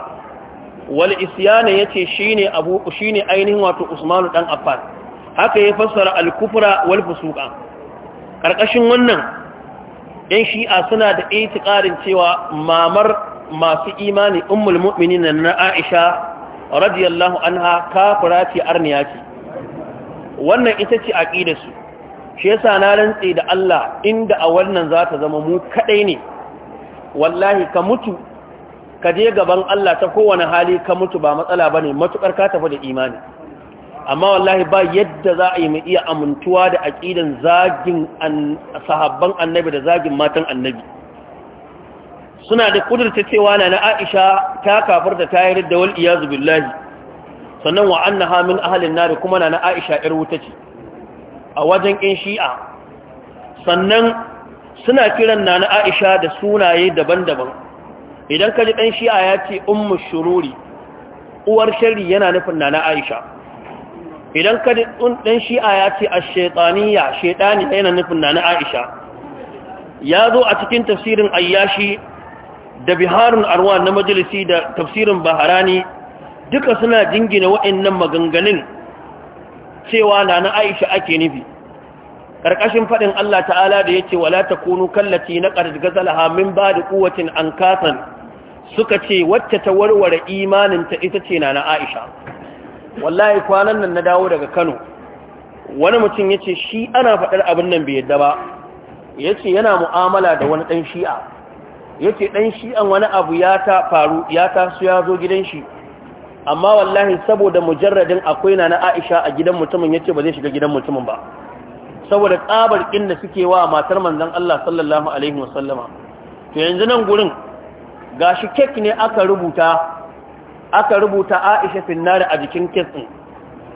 wal isyana yace shine abu ainihin wato usmanu dan affan haka ya fassara al walfusuka ƙarƙashin wannan yan shi'a suna da ƙarin cewa mamar masu imani umul mu'minin na Aisha radiyallahu anha kafura ce arniya ce wannan ita ce aqidar su shi yasa na rantse da Allah inda a wannan za ta zama mu kaɗai ne wallahi ka mutu ka je gaban Allah ta kowane hali ka mutu ba matsala ba ne, matuƙar ka tafi da imani amma wallahi ba yadda za a yi mai iya amintuwa da aƙidan zagin sahabban annabi da zagin matan annabi suna da kudurta cewa na na aisha ta kafar da tayar da wal iya billahi sannan wa na hamin ahalin nari kuma na na aisha yar wuta ce a wajen ƙin shi'a sannan suna kiran na na aisha da sunaye daban-daban idan ka ji dan shi'a ya ce ummu shururi uwar shari yana nufin na na aisha idan ka ɗan shi'a ya ce a shaitaniya shaitani yana nufin na na aisha ya zo a cikin tafsirin ayyashi da biharun arwa na majalisi da tafsirin baharani duka suna jingina wa'annan maganganun cewa na na aisha ake nufi ƙarƙashin faɗin Allah ta'ala da ya ce wala ta kunu kallaci na ƙargazalaha min ba da ƙuwacin an suka ce wacce ta warware imaninta ita ce na na aisha wallahi kwanan nan na dawo daga kano wani mutum ya ce shi ana faɗar abin nan bai yadda ba ya ce yana mu'amala da wani ɗan shi'a ya ce ɗan shi'an wani abu ya ta faru ya su ya zo gidan shi amma wallahi saboda mujarradin akwai na aisha a gidan mutumin ya ce ba zai shiga gidan mutumin ba saboda tsabar da suke wa matar manzan Allah sallallahu alaihi wasallama to yanzu nan gurin gashi kek ne aka rubuta aka rubuta aisha finnari a jikin kitsin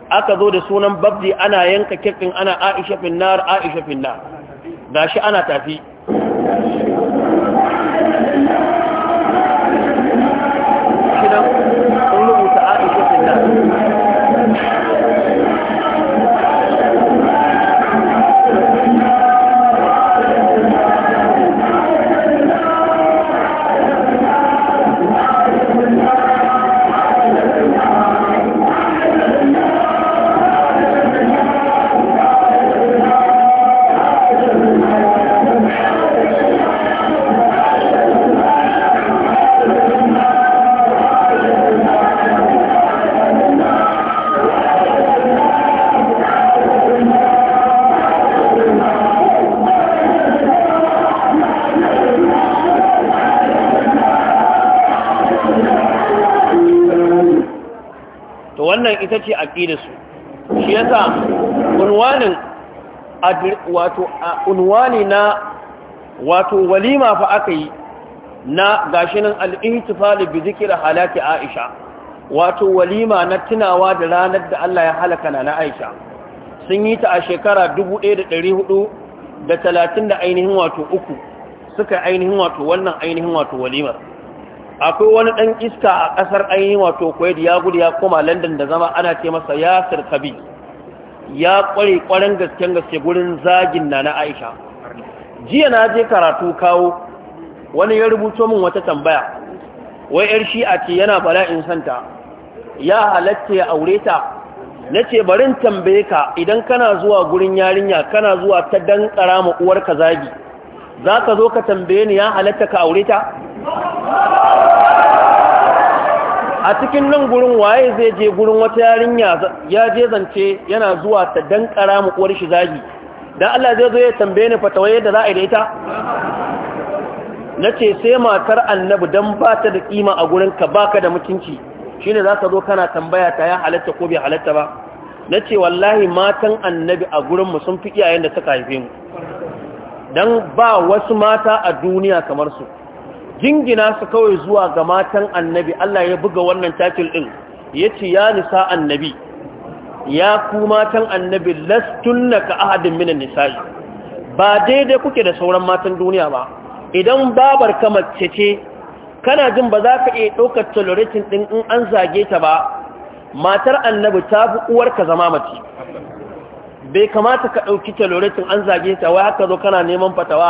aka zo da sunan babdi ana yanka kitsin ana aisha finnar aisha finnar gashi ana tafi unwani na wato walima fa aka yi na gashinan al'intifali bi zikira halaki aisha wato walima na tunawa da ranar da Allah ya halaka na aisha sun yi ta a shekara 1400 da talatin da ainihin wato uku suka ainihin wato wannan ainihin wato walimar akwai wani ɗan iska a ƙasar ainihin wato kwaid ya gudu ya koma london da zama ana ce masa yasir kabi ya ƙware kwaren gasken gaske gurin zagin na na aisha jiya na je karatu kawo wani ya rubuto min wata tambaya wai yar shi'a ce yana bala in santa ya halatta ya aure ta na ce barin tambaye ka idan kana zuwa gurin yarinya kana zuwa ta dan karama uwarka zagi za ka zo ka tambaye ni ya halatta ka aure ta a cikin nan gurin waye zai je gurin wata yarinya ya je zance yana zuwa ta dankara mu uwar shi zagi dan Allah zai zo ya tambaye ni fatawa yadda za a yi da ita nace sai matar annabi dan ba ta da kima a gurin ka baka da mutunci shine za ka zo kana tambaya ta ya halatta ko bai halatta ba nace wallahi matan annabi a gurin mu sun fi iyayen da suka haife mu dan ba wasu mata a duniya kamar su jingina su kawai zuwa ga matan annabi Allah ya buga wannan takil din yace ya nisa annabi ya ku matan annabi lastunna ka ahadin minan nisa'i ba daidai kuke da sauran matan duniya ba idan babar ka mace ce kana jin ba za ka iya ɗaukar tolerating ɗin in an zage ta ba matar annabi ta fi uwarka zama mace bai kamata ka ɗauki tolerating an zage ta wai haka zo kana neman fatawa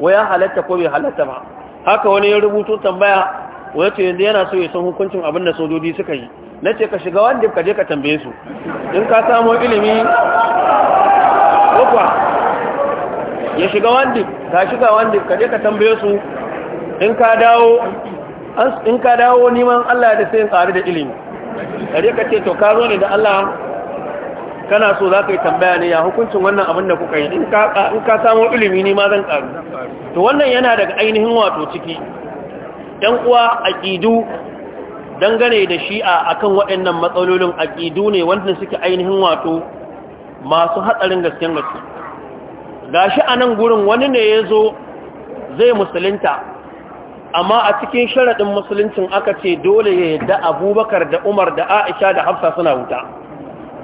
wai ya halatta ko bai halatta ba haka wani ya rubuto tambaya wani ce yanzu yana so ya san hukuncin abin da sojoji suka yi na ce ka shiga wanda ka je ka tambaye su in ka samu ilimi kokwa ya shiga wanda ka shiga wanda ka je ka tambaye su in ka dawo in ka dawo neman Allah da sai in tsari da ilimi ka je ka ce to ka zo ne da Allah kana so za ka yi tambaya ne ya hukuncin wannan abin da kuka yi in ka samu ilimi ne ma zan karu to wannan yana daga ainihin wato ciki ɗan uwa aƙidu dangane da shi'a a kan waɗannan matsalolin aƙidu ne wanda suke ainihin wato masu hatsarin gasken gaske gashi a nan gurin wani ne ya zo zai musulunta amma a cikin sharaɗin musuluncin aka ce dole ya yadda abubakar da umar da aisha da hafsa suna wuta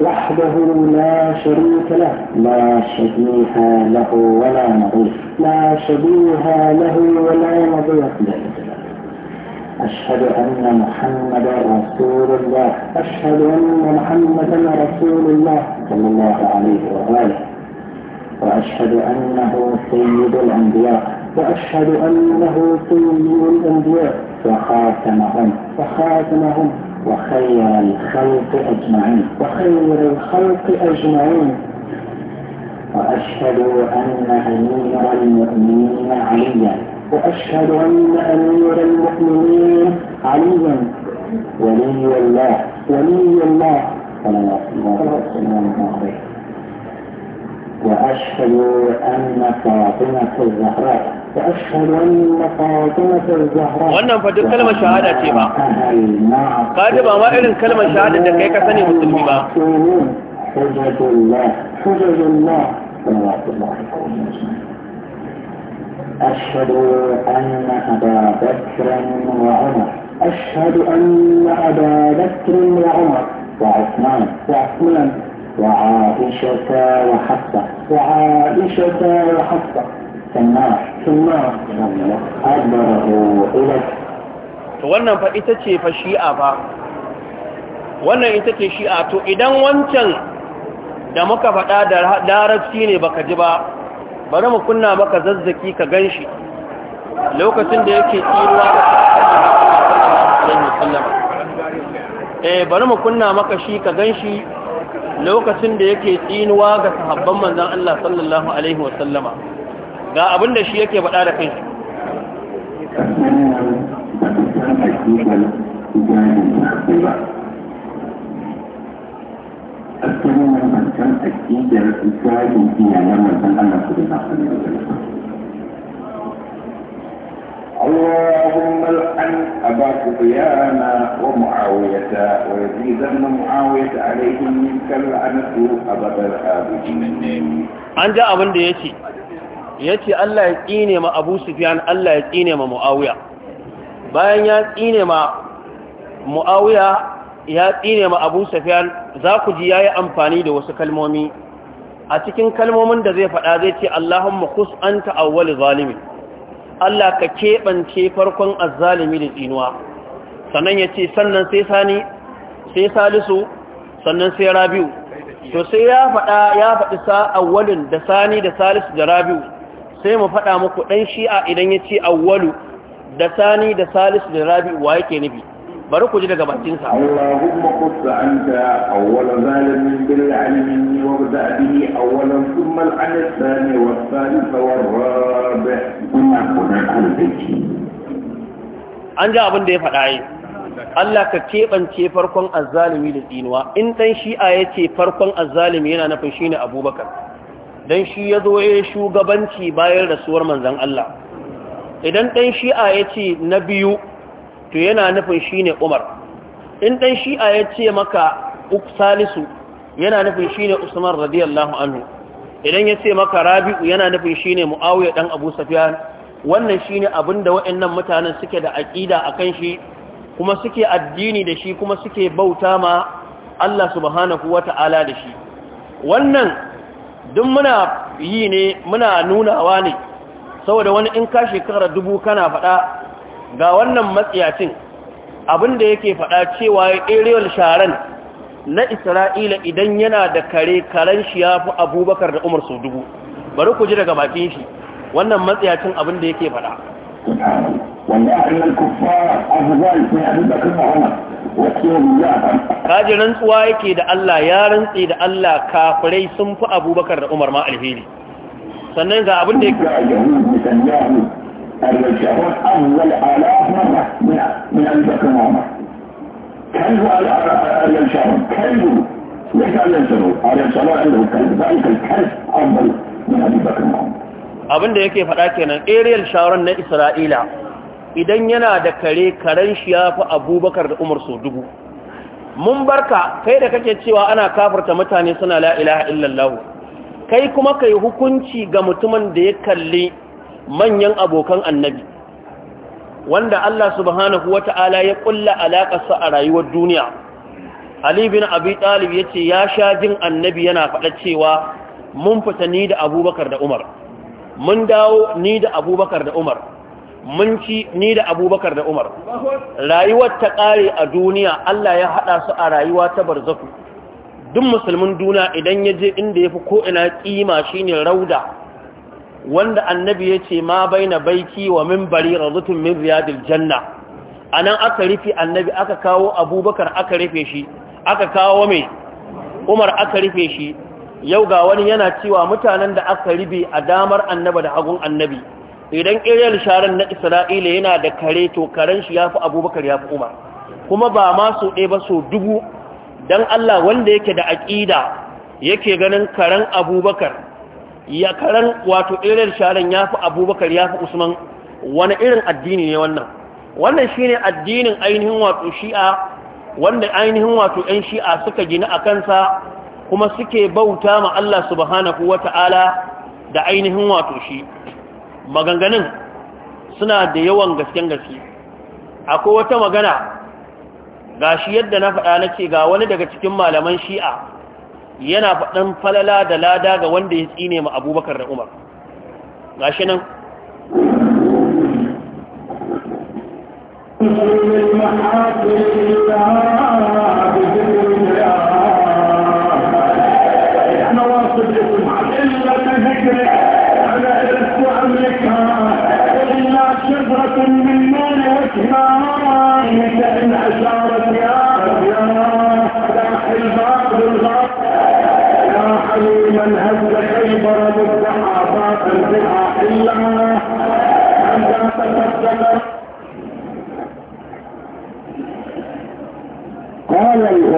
وحده لا شريك له لا شبيه له ولا نظير لا شبيه له ولا نظير أشهد أن محمدا رسول الله أشهد أن محمدا رسول الله صلى الله عليه وآله وأشهد أنه سيد الأنبياء وأشهد أنه سيد الأنبياء وخاتمهم وخاتمهم وخير الخلق أجمعين وخير الخلق أجمعين وأشهد أن أمير المؤمنين عليا وأشهد أن أمير المؤمنين عليا ولي الله ولي الله صلى الله عليه وسلم وأشهد أن فاطمة الزهراء وأشهد أن فاطمة الزهراء وأنهم فدوا كلمة شهادة تيبا فاطمة ما إلن كلمة شهادة دقيقة ثانية مسلمة حجة الله حجة الله صلوات الله أشهد أن أبا بكر وعمر أشهد أن أبا بكر وعمر وعثمان وعثمان وعائشة وحفصة وعائشة وحفصة to wannan fa ita ce fa shi'a fa wannan ita ce shi'a to idan wancan da muka faɗa da darasi ne baka ji ba bari mu kunna maka zazzaki ka ganshi lokacin da yake tsiruwa da eh bari mu kunna maka shi ka ganshi lokacin da yake tsinuwa ga sahabban manzon Allah sallallahu alaihi wasallama ga abin da shi yake bada da kanshi su da اللهم العن أبا سفيان ومعاوية ويزيد أن معاوية عليهم منك العنة أبدا الآبدين عن جاء ديتي Ya ce, Allah ya tsine ma Abu Sufyan Allah ya tsine ma Muawiya bayan ya tsine ma Muawiya ya tsine ma Abu Sufyan za ku ji yi amfani da wasu kalmomi a cikin kalmomin da zai faɗa zai ce Allahumma kus an awwal zalimin Allah ka keɓance farkon azzalimi da tsinuwa sannan ya ce sannan sai sani sai salisu sannan sai rabiu to sai ya faɗa ya faɗi sa da sani da salisu da rabiu sai mu faɗa muku ɗan shi'a idan ya ce awwalu da sani da salisu da rabi wa yake nufi bari ku ji daga bakinsa Allahumma qut anta awwala zalimin bil alimin wa bada bihi awwalan thumma al an thani wa thalith wa rabi kuma kuna kan an ji abin da ya faɗa yi Allah ka keɓance farkon azzalimi da tsinuwa in ɗan shi'a ya ce farkon azzalimi yana nufin shine abubakar dan shi ya zo ya shugabanci bayan rasuwar manzan Allah idan ɗan shi'a ya ce na biyu to yana nufin shi ne umar in ɗan shi'a ya ce maka salisu yana nufin shi ne usman radiyallahu anhu idan ya ce maka rabi'u yana nufin shi ne mu'awiyar ɗan abu safiyar wannan shi ne abin da waɗannan mutanen suke da aƙida a kan shi kuma suke addini da shi kuma suke bauta ma Allah subhanahu wata'ala ta'ala da shi wannan duk muna yi ne muna nunawa ne saboda wani in ka shekara dubu kana faɗa ga wannan matsiyacin abinda yake faɗa cewa aerial sharan na isra'ila idan yana da kare karen shi ya fi abubakar da umar sau dubu bari ku ji daga bakin shi wannan matsiyacin abinda yake faɗa wanda kufa abubakar da umar kaji rantsuwa yake da Allah ya rantsi da Allah kafirai sun fi abubakar da umar ma alheri sannan ga abin da ya كلب على على الشعب كلب ليس على الجنوب على الشعب عنده كلب ذلك الكلب أفضل من أبي بكر وعمر abin da yake faɗa kenan ariel sharon na isra'ila idan yana da kare karen shi ya fi abubakar da umar so dubu mun barka kai da kake cewa ana kafarta mutane suna la ilaha illallah kai kuma kai hukunci ga mutumin da ya kalli manyan abokan annabi wanda Allah subhanahu wata'ala ya kulla alaƙarsa a rayuwar duniya Ali bin Abi Talib yace ya sha jin annabi yana faɗa cewa mun fita ni da Abubakar da Umar mun dawo ni da Abubakar da Umar mun ci ni da abubakar da umar rayuwar ta ƙare a duniya Allah ya haɗa su a rayuwa ta barzaku duk musulmin duna idan ya je inda ya fi ko'ina ƙima shi ne rauda wanda annabi ya ce ma bai na baiki wa mimbari razutun min ziyadil janna a nan aka rufe annabi aka kawo abubakar aka rufe shi aka kawo mai umar aka rufe shi yau ga wani yana cewa mutanen da aka rufe a damar annaba da hagun annabi idan ƙiryar sharan na isra'ila yana da kare to karen shi ya fi abubakar ya fi umar kuma ba ma so ɗaya ba so dubu don allah wanda yake da aƙida yake ganin karen abubakar ya karen wato ƙiryar sharan ya fi abubakar ya fi usman wani irin addini ne wannan wannan shi ne addinin ainihin wato shi'a wanda ainihin wato 'yan shi'a suka gina a kansa kuma suke bauta ma allah subhanahu wata'ala da ainihin wato shi maganganun suna da yawan gasken gaske akwai wata magana ga shi yadda na faɗa na ce ga wani daga cikin malaman shi'a yana faɗin falala da lada ga wanda ya tsine ma abubakar da umar ga shi nan Thank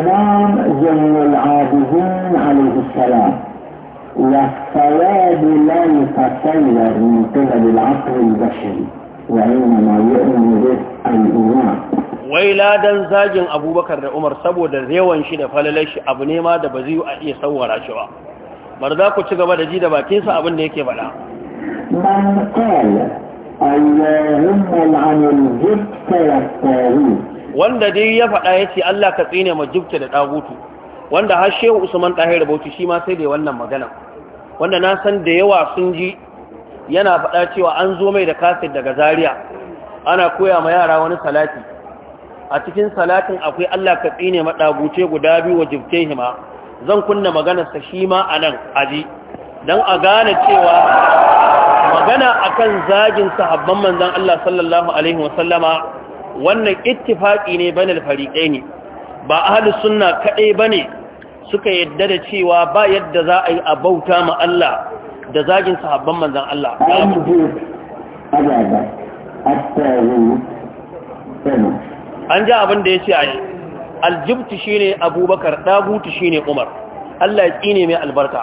السلام زين العابدين عليه السلام والثواب لا يتصور من قبل العقل البشري وإنما يؤمن به الإيمان wai ladan zagin abubakar da umar saboda rewan shi da falalai shi abu ne ma da ba zai a iya sauwara shi ba bar za ku ci gaba da ji da bakinsa abin da yake faɗa man qala allahumma al'anil jibta wa wanda dai ya faɗa ya ce Allah ka tsine ma jibta da ɗagutu wanda har shehu usman ɗahir bauchi shi ma sai da wannan magana wanda na san da yawa sun ji yana faɗa cewa an zo mai da kasir daga Zariya. ana koya ma yara wani salati a cikin salatin akwai Allah ka tsine ma ɗaguce guda biyu wa hima. zan kunna maganarsa shi ma a nan aji don a gane cewa magana akan zagin sahabban manzan Allah sallallahu Alaihi wasallama wannan ittifaki ne banal ne. ba ahlus sunna kaɗai bane suka yadda da cewa ba yadda za a yi bauta ma Allah da zagin sahabban manzon Allah an ja abin da ya ce a yi aljibtu shi ne abubakar ɗagutu shi ne umar Allah ya tsine mai albarka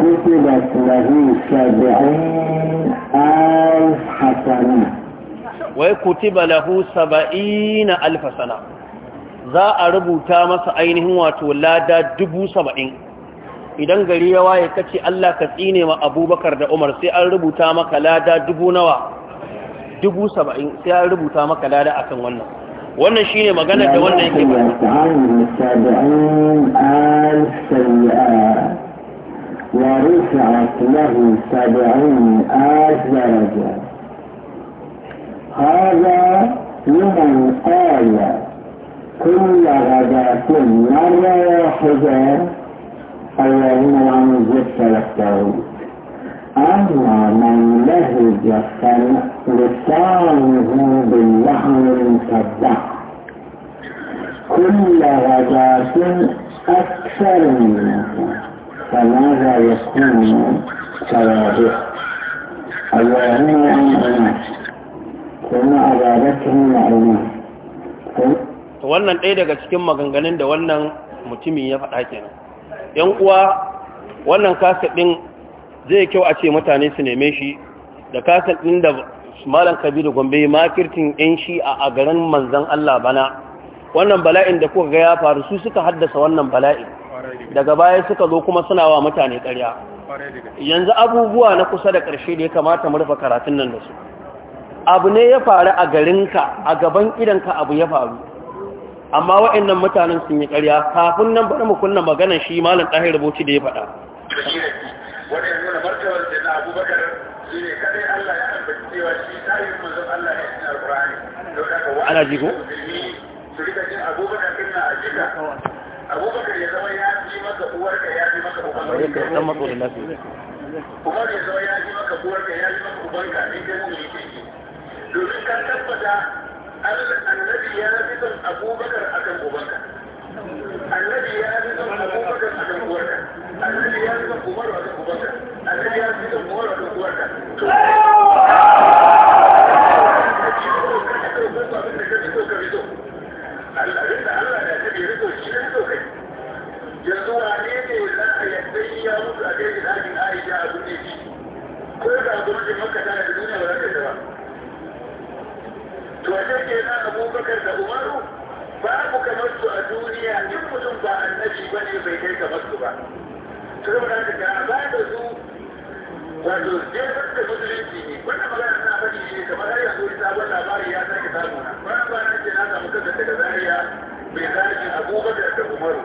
كتبت له سبعين ألف حسنة وكتب له سبعين ألف سنة za a rubuta masa ainihin wato lada dubu saba'in idan gari ya waye ka ce Allah ka tsine ma abubakar da umar sai an rubuta maka lada dubu nawa dubu saba'in sai an rubuta maka lada akan wannan wannan shi ne magana da wannan yake ba ورفعت له سبعون آت درجة هذا لمن قال كل غداة مرة واحدة اللهم عن الزفت والتعود أما من لهج لسانه باللحم المسبح كل غداة أكثر منه فماذا يستعمل سواده اللهم أنعمت ثم أبادته معلومة wannan ɗaya daga cikin maganganun da wannan mutumin ya faɗa kenan yan uwa wannan kasaɗin zai kyau a ce mutane su neme shi da kasaɗin ɗin da malam kabiru gombe makirtin yan shi a garin manzan allah bana wannan bala'in da kuka ga ya faru su suka haddasa wannan bala'in daga baya suka zo kuma suna wa mutane ƙarya yanzu abubuwa na kusa da ƙarshe da ya kamata mu rufe karatun nan da su abu ne ya faru a garinka a gaban idanka abu ya faru amma waɗannan mutanen sun yi ƙarya kafin nan bari mu kunna magana shi malam ɗahir rubuci da ya faɗa yake da kuma da zo ya ji maka buwarka ya ji maka ubanka ne kai mu yake domin ka tabbata annabi ya fi son abubakar akan ubanka annabi ya fi son abubakar akan uwarka annabi ya fi son umaru kan ubanka annabi ya umaru gwamnatin makka tana da ba za to ke abubakar da umaru babu kamar a duniya in mutum ba annabi ba ne bai kai ba da ba wato da musulunci ne wannan na ne kamar yanzu sabon ya na ce na samu daga zariya mai abubakar da umaru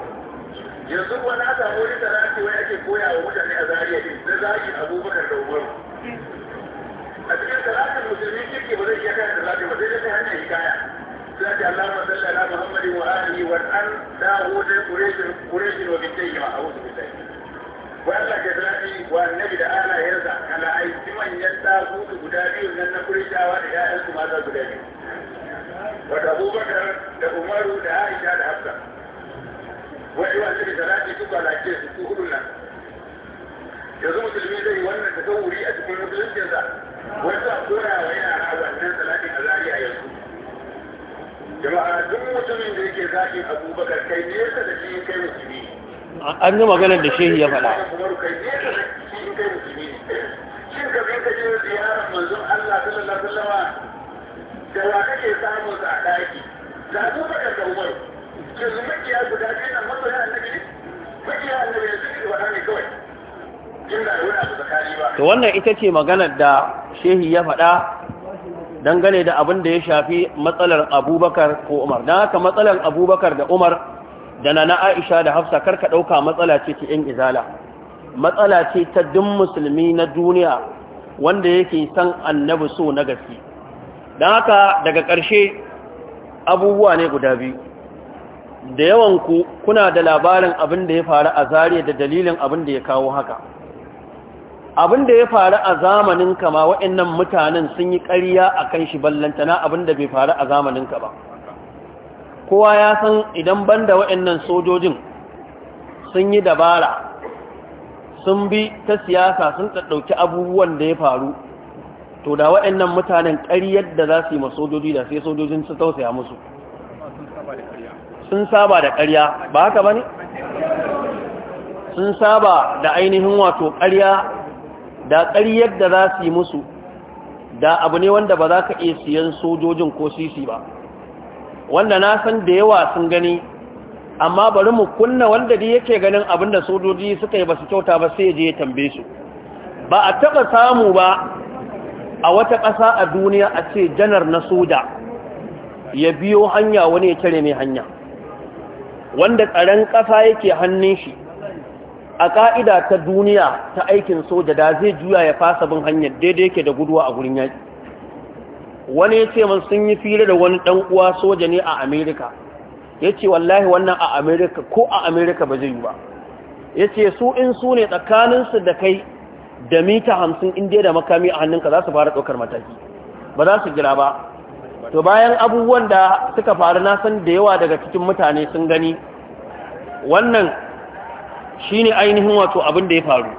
yanzu wani aka wani tara ake wai koya wa mutane a zariya ne, na zagi abubakar da umaru a cikin salatin musulmi kirki ba zai iya kan salatin ba sai dai hanyar hikaya sai ce Allah ma salli ala Muhammad wa alihi wa an dawo da quraishin quraishin wa bidai ma a'udhu billahi wa Allah ke salati wa annabi da ala yarda ala aiki guda biyu nan na quraishawa da ya'yan su guda biyu wato Abubakar da Umaru da Aisha da Hafsa wa'i wa sai nan yanzu musulmi zai wannan tasawuri a cikin wanda koya wa yara wannan salatin a zariya yanzu jama'a duk mutumin da yake zaɓin abubakar kai nesa da shi kai musulmi an yi maganar da shehi ya faɗa shin ka bin ka je ziyarar manzon Allah sallallahu alaihi wasallam da wa kake samun sa a daki da abubakar da umar yanzu makiya guda biyu nan masoya annabi ne makiya annabi ne suke faɗa ne kawai inda wani abu tsakani ba to wannan ita ce maganar da shehi ya faɗa dangane da abin da ya shafi matsalar abubakar ko umar don haka matsalar abubakar da umar da na na aisha da hafsa karka ɗauka matsala ce ta 'yan izala matsala ce ta dun musulmi na duniya wanda yake san annabi so na gaske don haka daga ƙarshe abubuwa ne guda biyu da yawanku kuna da labarin abin da ya faru a zariya da dalilin abin da ya kawo haka abin da ya faru a zamanin ka ma waɗannan mutanen sun yi ƙarya a kan shi ballantana abin da bai faru a zamanin ka ba kowa ya san idan banda waɗannan sojojin sun yi dabara sun bi ta siyasa sun ɗaɗɗauki abubuwan da ya faru to da waɗannan mutanen ƙariyar da za su yi ma sojoji da sai sojojin su tausaya musu sun saba da ƙarya ba haka ba ne? sun saba da ainihin wato ƙarya da ƙaryar yadda za su yi musu da abu ne wanda ba za ka iya siyan sojojin ko sisi ba wanda na san da yawa sun gani amma bari mu kunna wanda dai yake ganin abin da sojoji suka yi ba su kyauta ba sai je ya tambaye su ba a taɓa samu ba a wata ƙasa a duniya a ce janar na soja ya biyo hanya wani ya tare mai hanya wanda tsaron ƙasa yake hannun shi a ƙa'ida ta duniya ta aikin soja da zai juya ya fasa bin hanyar daidai yake da guduwa a gurin yaƙi wani ya ce man sun yi fili da wani ɗan uwa soja ne a amerika ya ce wallahi wannan a amerika ko a amerika ba zai yi ba ya ce su in su ne tsakaninsu da kai da mita hamsin inda da makami a hannunka za su fara ɗaukar mataki ba za su jira ba to bayan abubuwan da suka faru na san da yawa daga cikin mutane sun gani wannan Shi ne ainihin wato abin da ya faru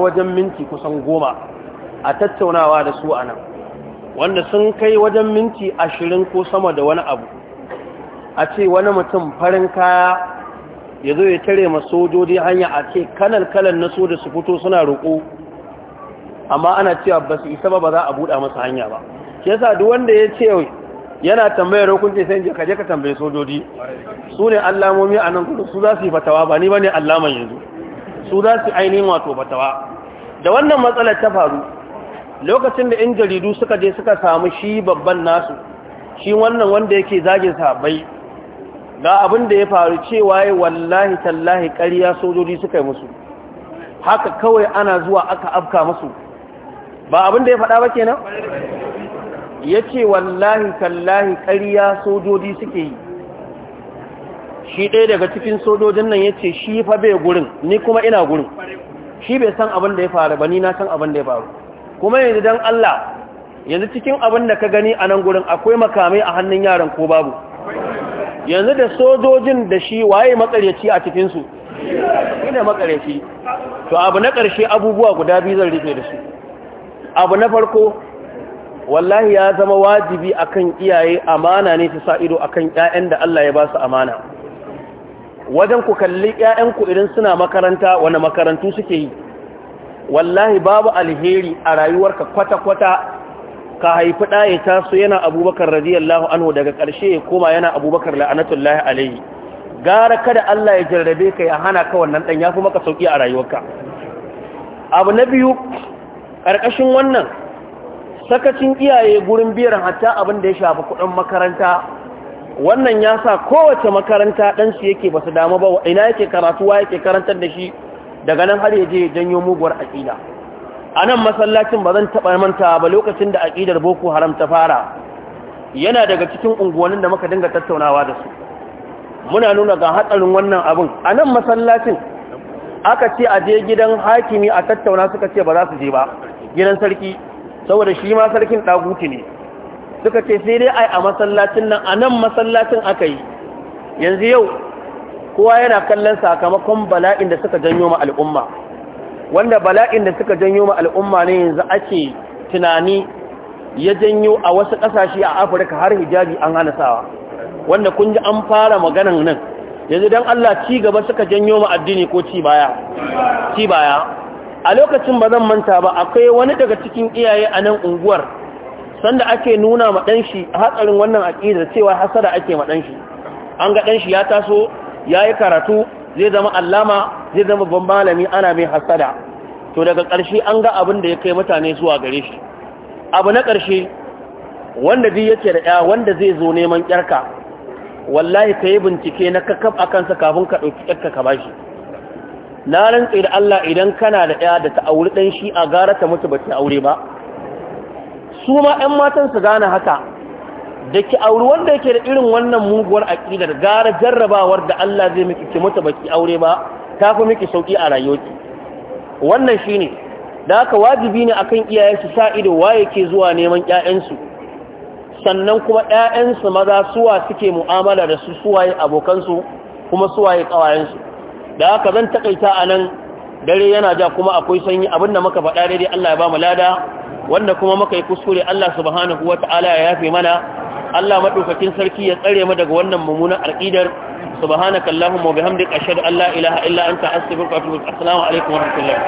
wajen minti kusan goma a tattaunawa da su a nan wanda sun kai wajen minti ashirin ko sama da wani abu a ce wani mutum farin kaya ya zo ya tare ma sojoji hanya a ce kanal kanal na so da su fito suna roƙo amma ana cewa ba su isa ba ba za a buɗa masa hanya ba ke sa duk wanda ya ce yana tambayar hukunci sai je kaje ka tambaye sojoji su ne allamomi a nan kudu su za su yi fatawa ba ni ba ne allaman yanzu su za su ainihin wato fatawa da wannan matsalar ta faru lokacin da in jaridu suka je suka samu shi babban nasu shi wannan wanda yake zagin sabai ga abin da ya faru cewa ya wallahi tallahi ƙariya sojoji suka yi musu haka kawai ana zuwa aka afka musu ba abin da ya faɗa ba nan? ya ce wallahi tallahi ƙariya sojoji suke yi shi ɗaya daga cikin sojojin nan ya ce shi fa bai gurin ni kuma ina gurin shi bai san abin da ya faru ba ni na san abin da ya faru kuma yanzu dan Allah yanzu cikin abin da ka gani a nan gurin akwai makamai a hannun yaran ko babu yanzu da sojojin da shi waye makaryaci a cikinsu? su ina makaryaci to abu na ƙarshe abubuwa guda biyu zan rufe da su abu na farko wallahi ya zama wajibi akan iyaye amana ne ta sa ido akan ƴaƴan da Allah ya ba su amana wajen ku kalli ƴaƴanku idan suna makaranta wani makarantu suke yi wallahi babu alheri a rayuwarka kwata-kwata ka haifi ɗaya taso yana abubakar radiyallahu anhu daga ƙarshe ya koma yana abubakar la'anatullahi alaihi gara kada Allah ya jarrabe ka ya hana ka wannan ɗan ya maka sauƙi a rayuwarka abu na biyu ƙarƙashin wannan sakacin iyaye gurin biyar hatta abin da ya shafi kuɗin makaranta wannan ya sa kowace makaranta ɗansu yake ba su damu ba ina yake karatuwa yake karantar da shi daga nan har yaje janyo muguwar aƙida a nan masallacin ba zan taɓa manta ba lokacin da aƙidar boko haram ta fara yana daga cikin unguwannin da muka dinga tattaunawa da su muna nuna ga hatsarin wannan abin a nan masallacin aka ce a je gidan hakimi a tattauna suka ce ba za su je ba gidan sarki saboda shi ma sarkin ɗaguti ne suka ce sai dai ai a masallacin nan a nan masallacin aka yi yanzu yau kowa yana kallon sakamakon bala'in da suka janyo ma al'umma wanda bala'in da suka janyo ma al'umma ne yanzu ake tunani ya janyo a wasu ƙasashe a afirka har hijabi an hana sawa wanda kun ji an fara maganan nan yanzu don allah ci gaba suka janyo ma addini ko ci baya ci baya a lokacin ba zan manta ba akwai wani daga cikin iyaye a nan unguwar sanda ake nuna ma dan shi hatsarin wannan aqida cewa hasada ake ma dan shi an ga dan ya taso yayi karatu zai zama allama zai zama babban malami ana mai hasada to daga ƙarshe an ga abin da ya kai mutane zuwa gare shi abu na ƙarshe wanda zai yake da ya wanda zai zo neman ƙyarka wallahi ka yi bincike na kakaf a kansa kafin ka ɗauki ƙyarka ka ba shi na rantse da Allah idan kana da ya da ta auri ɗan shi a gara ta mutu ba ta aure ba su ma 'yan matan su gane haka da ki auri wanda yake da irin wannan muguwar aƙidar gara jarrabawar da Allah zai miki ki mutu baki aure ba ta fi miki sauƙi a rayuwarki wannan shine da haka wajibi ne akan iyaye su sa ido waye ke zuwa neman 'ya'yansu, sannan kuma 'ya'yansu maza suwa suke mu'amala da su suwaye abokansu kuma suwaye ƙawayensu da haka zan takaita nan dare yana ja kuma akwai sanyi abin da muka faɗa daidai Allah ya ba mu lada wanda kuma muka yi kuskure Allah subhanahu wata'ala ya yafe mana Allah madaukakin sarki ya tsare mu daga wannan mummunan alƙidar subhanakallahumma wa bihamdika ashhadu an la ilaha illa anta astaghfiruka wa atubu ilaik assalamu alaikum wa rahmatullahi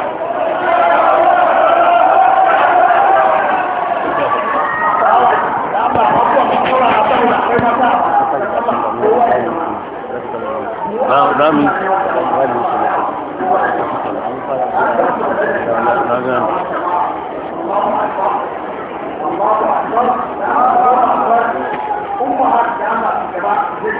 Rami. الله أكبر الله أكبر أمهات يا أمهات الجماعة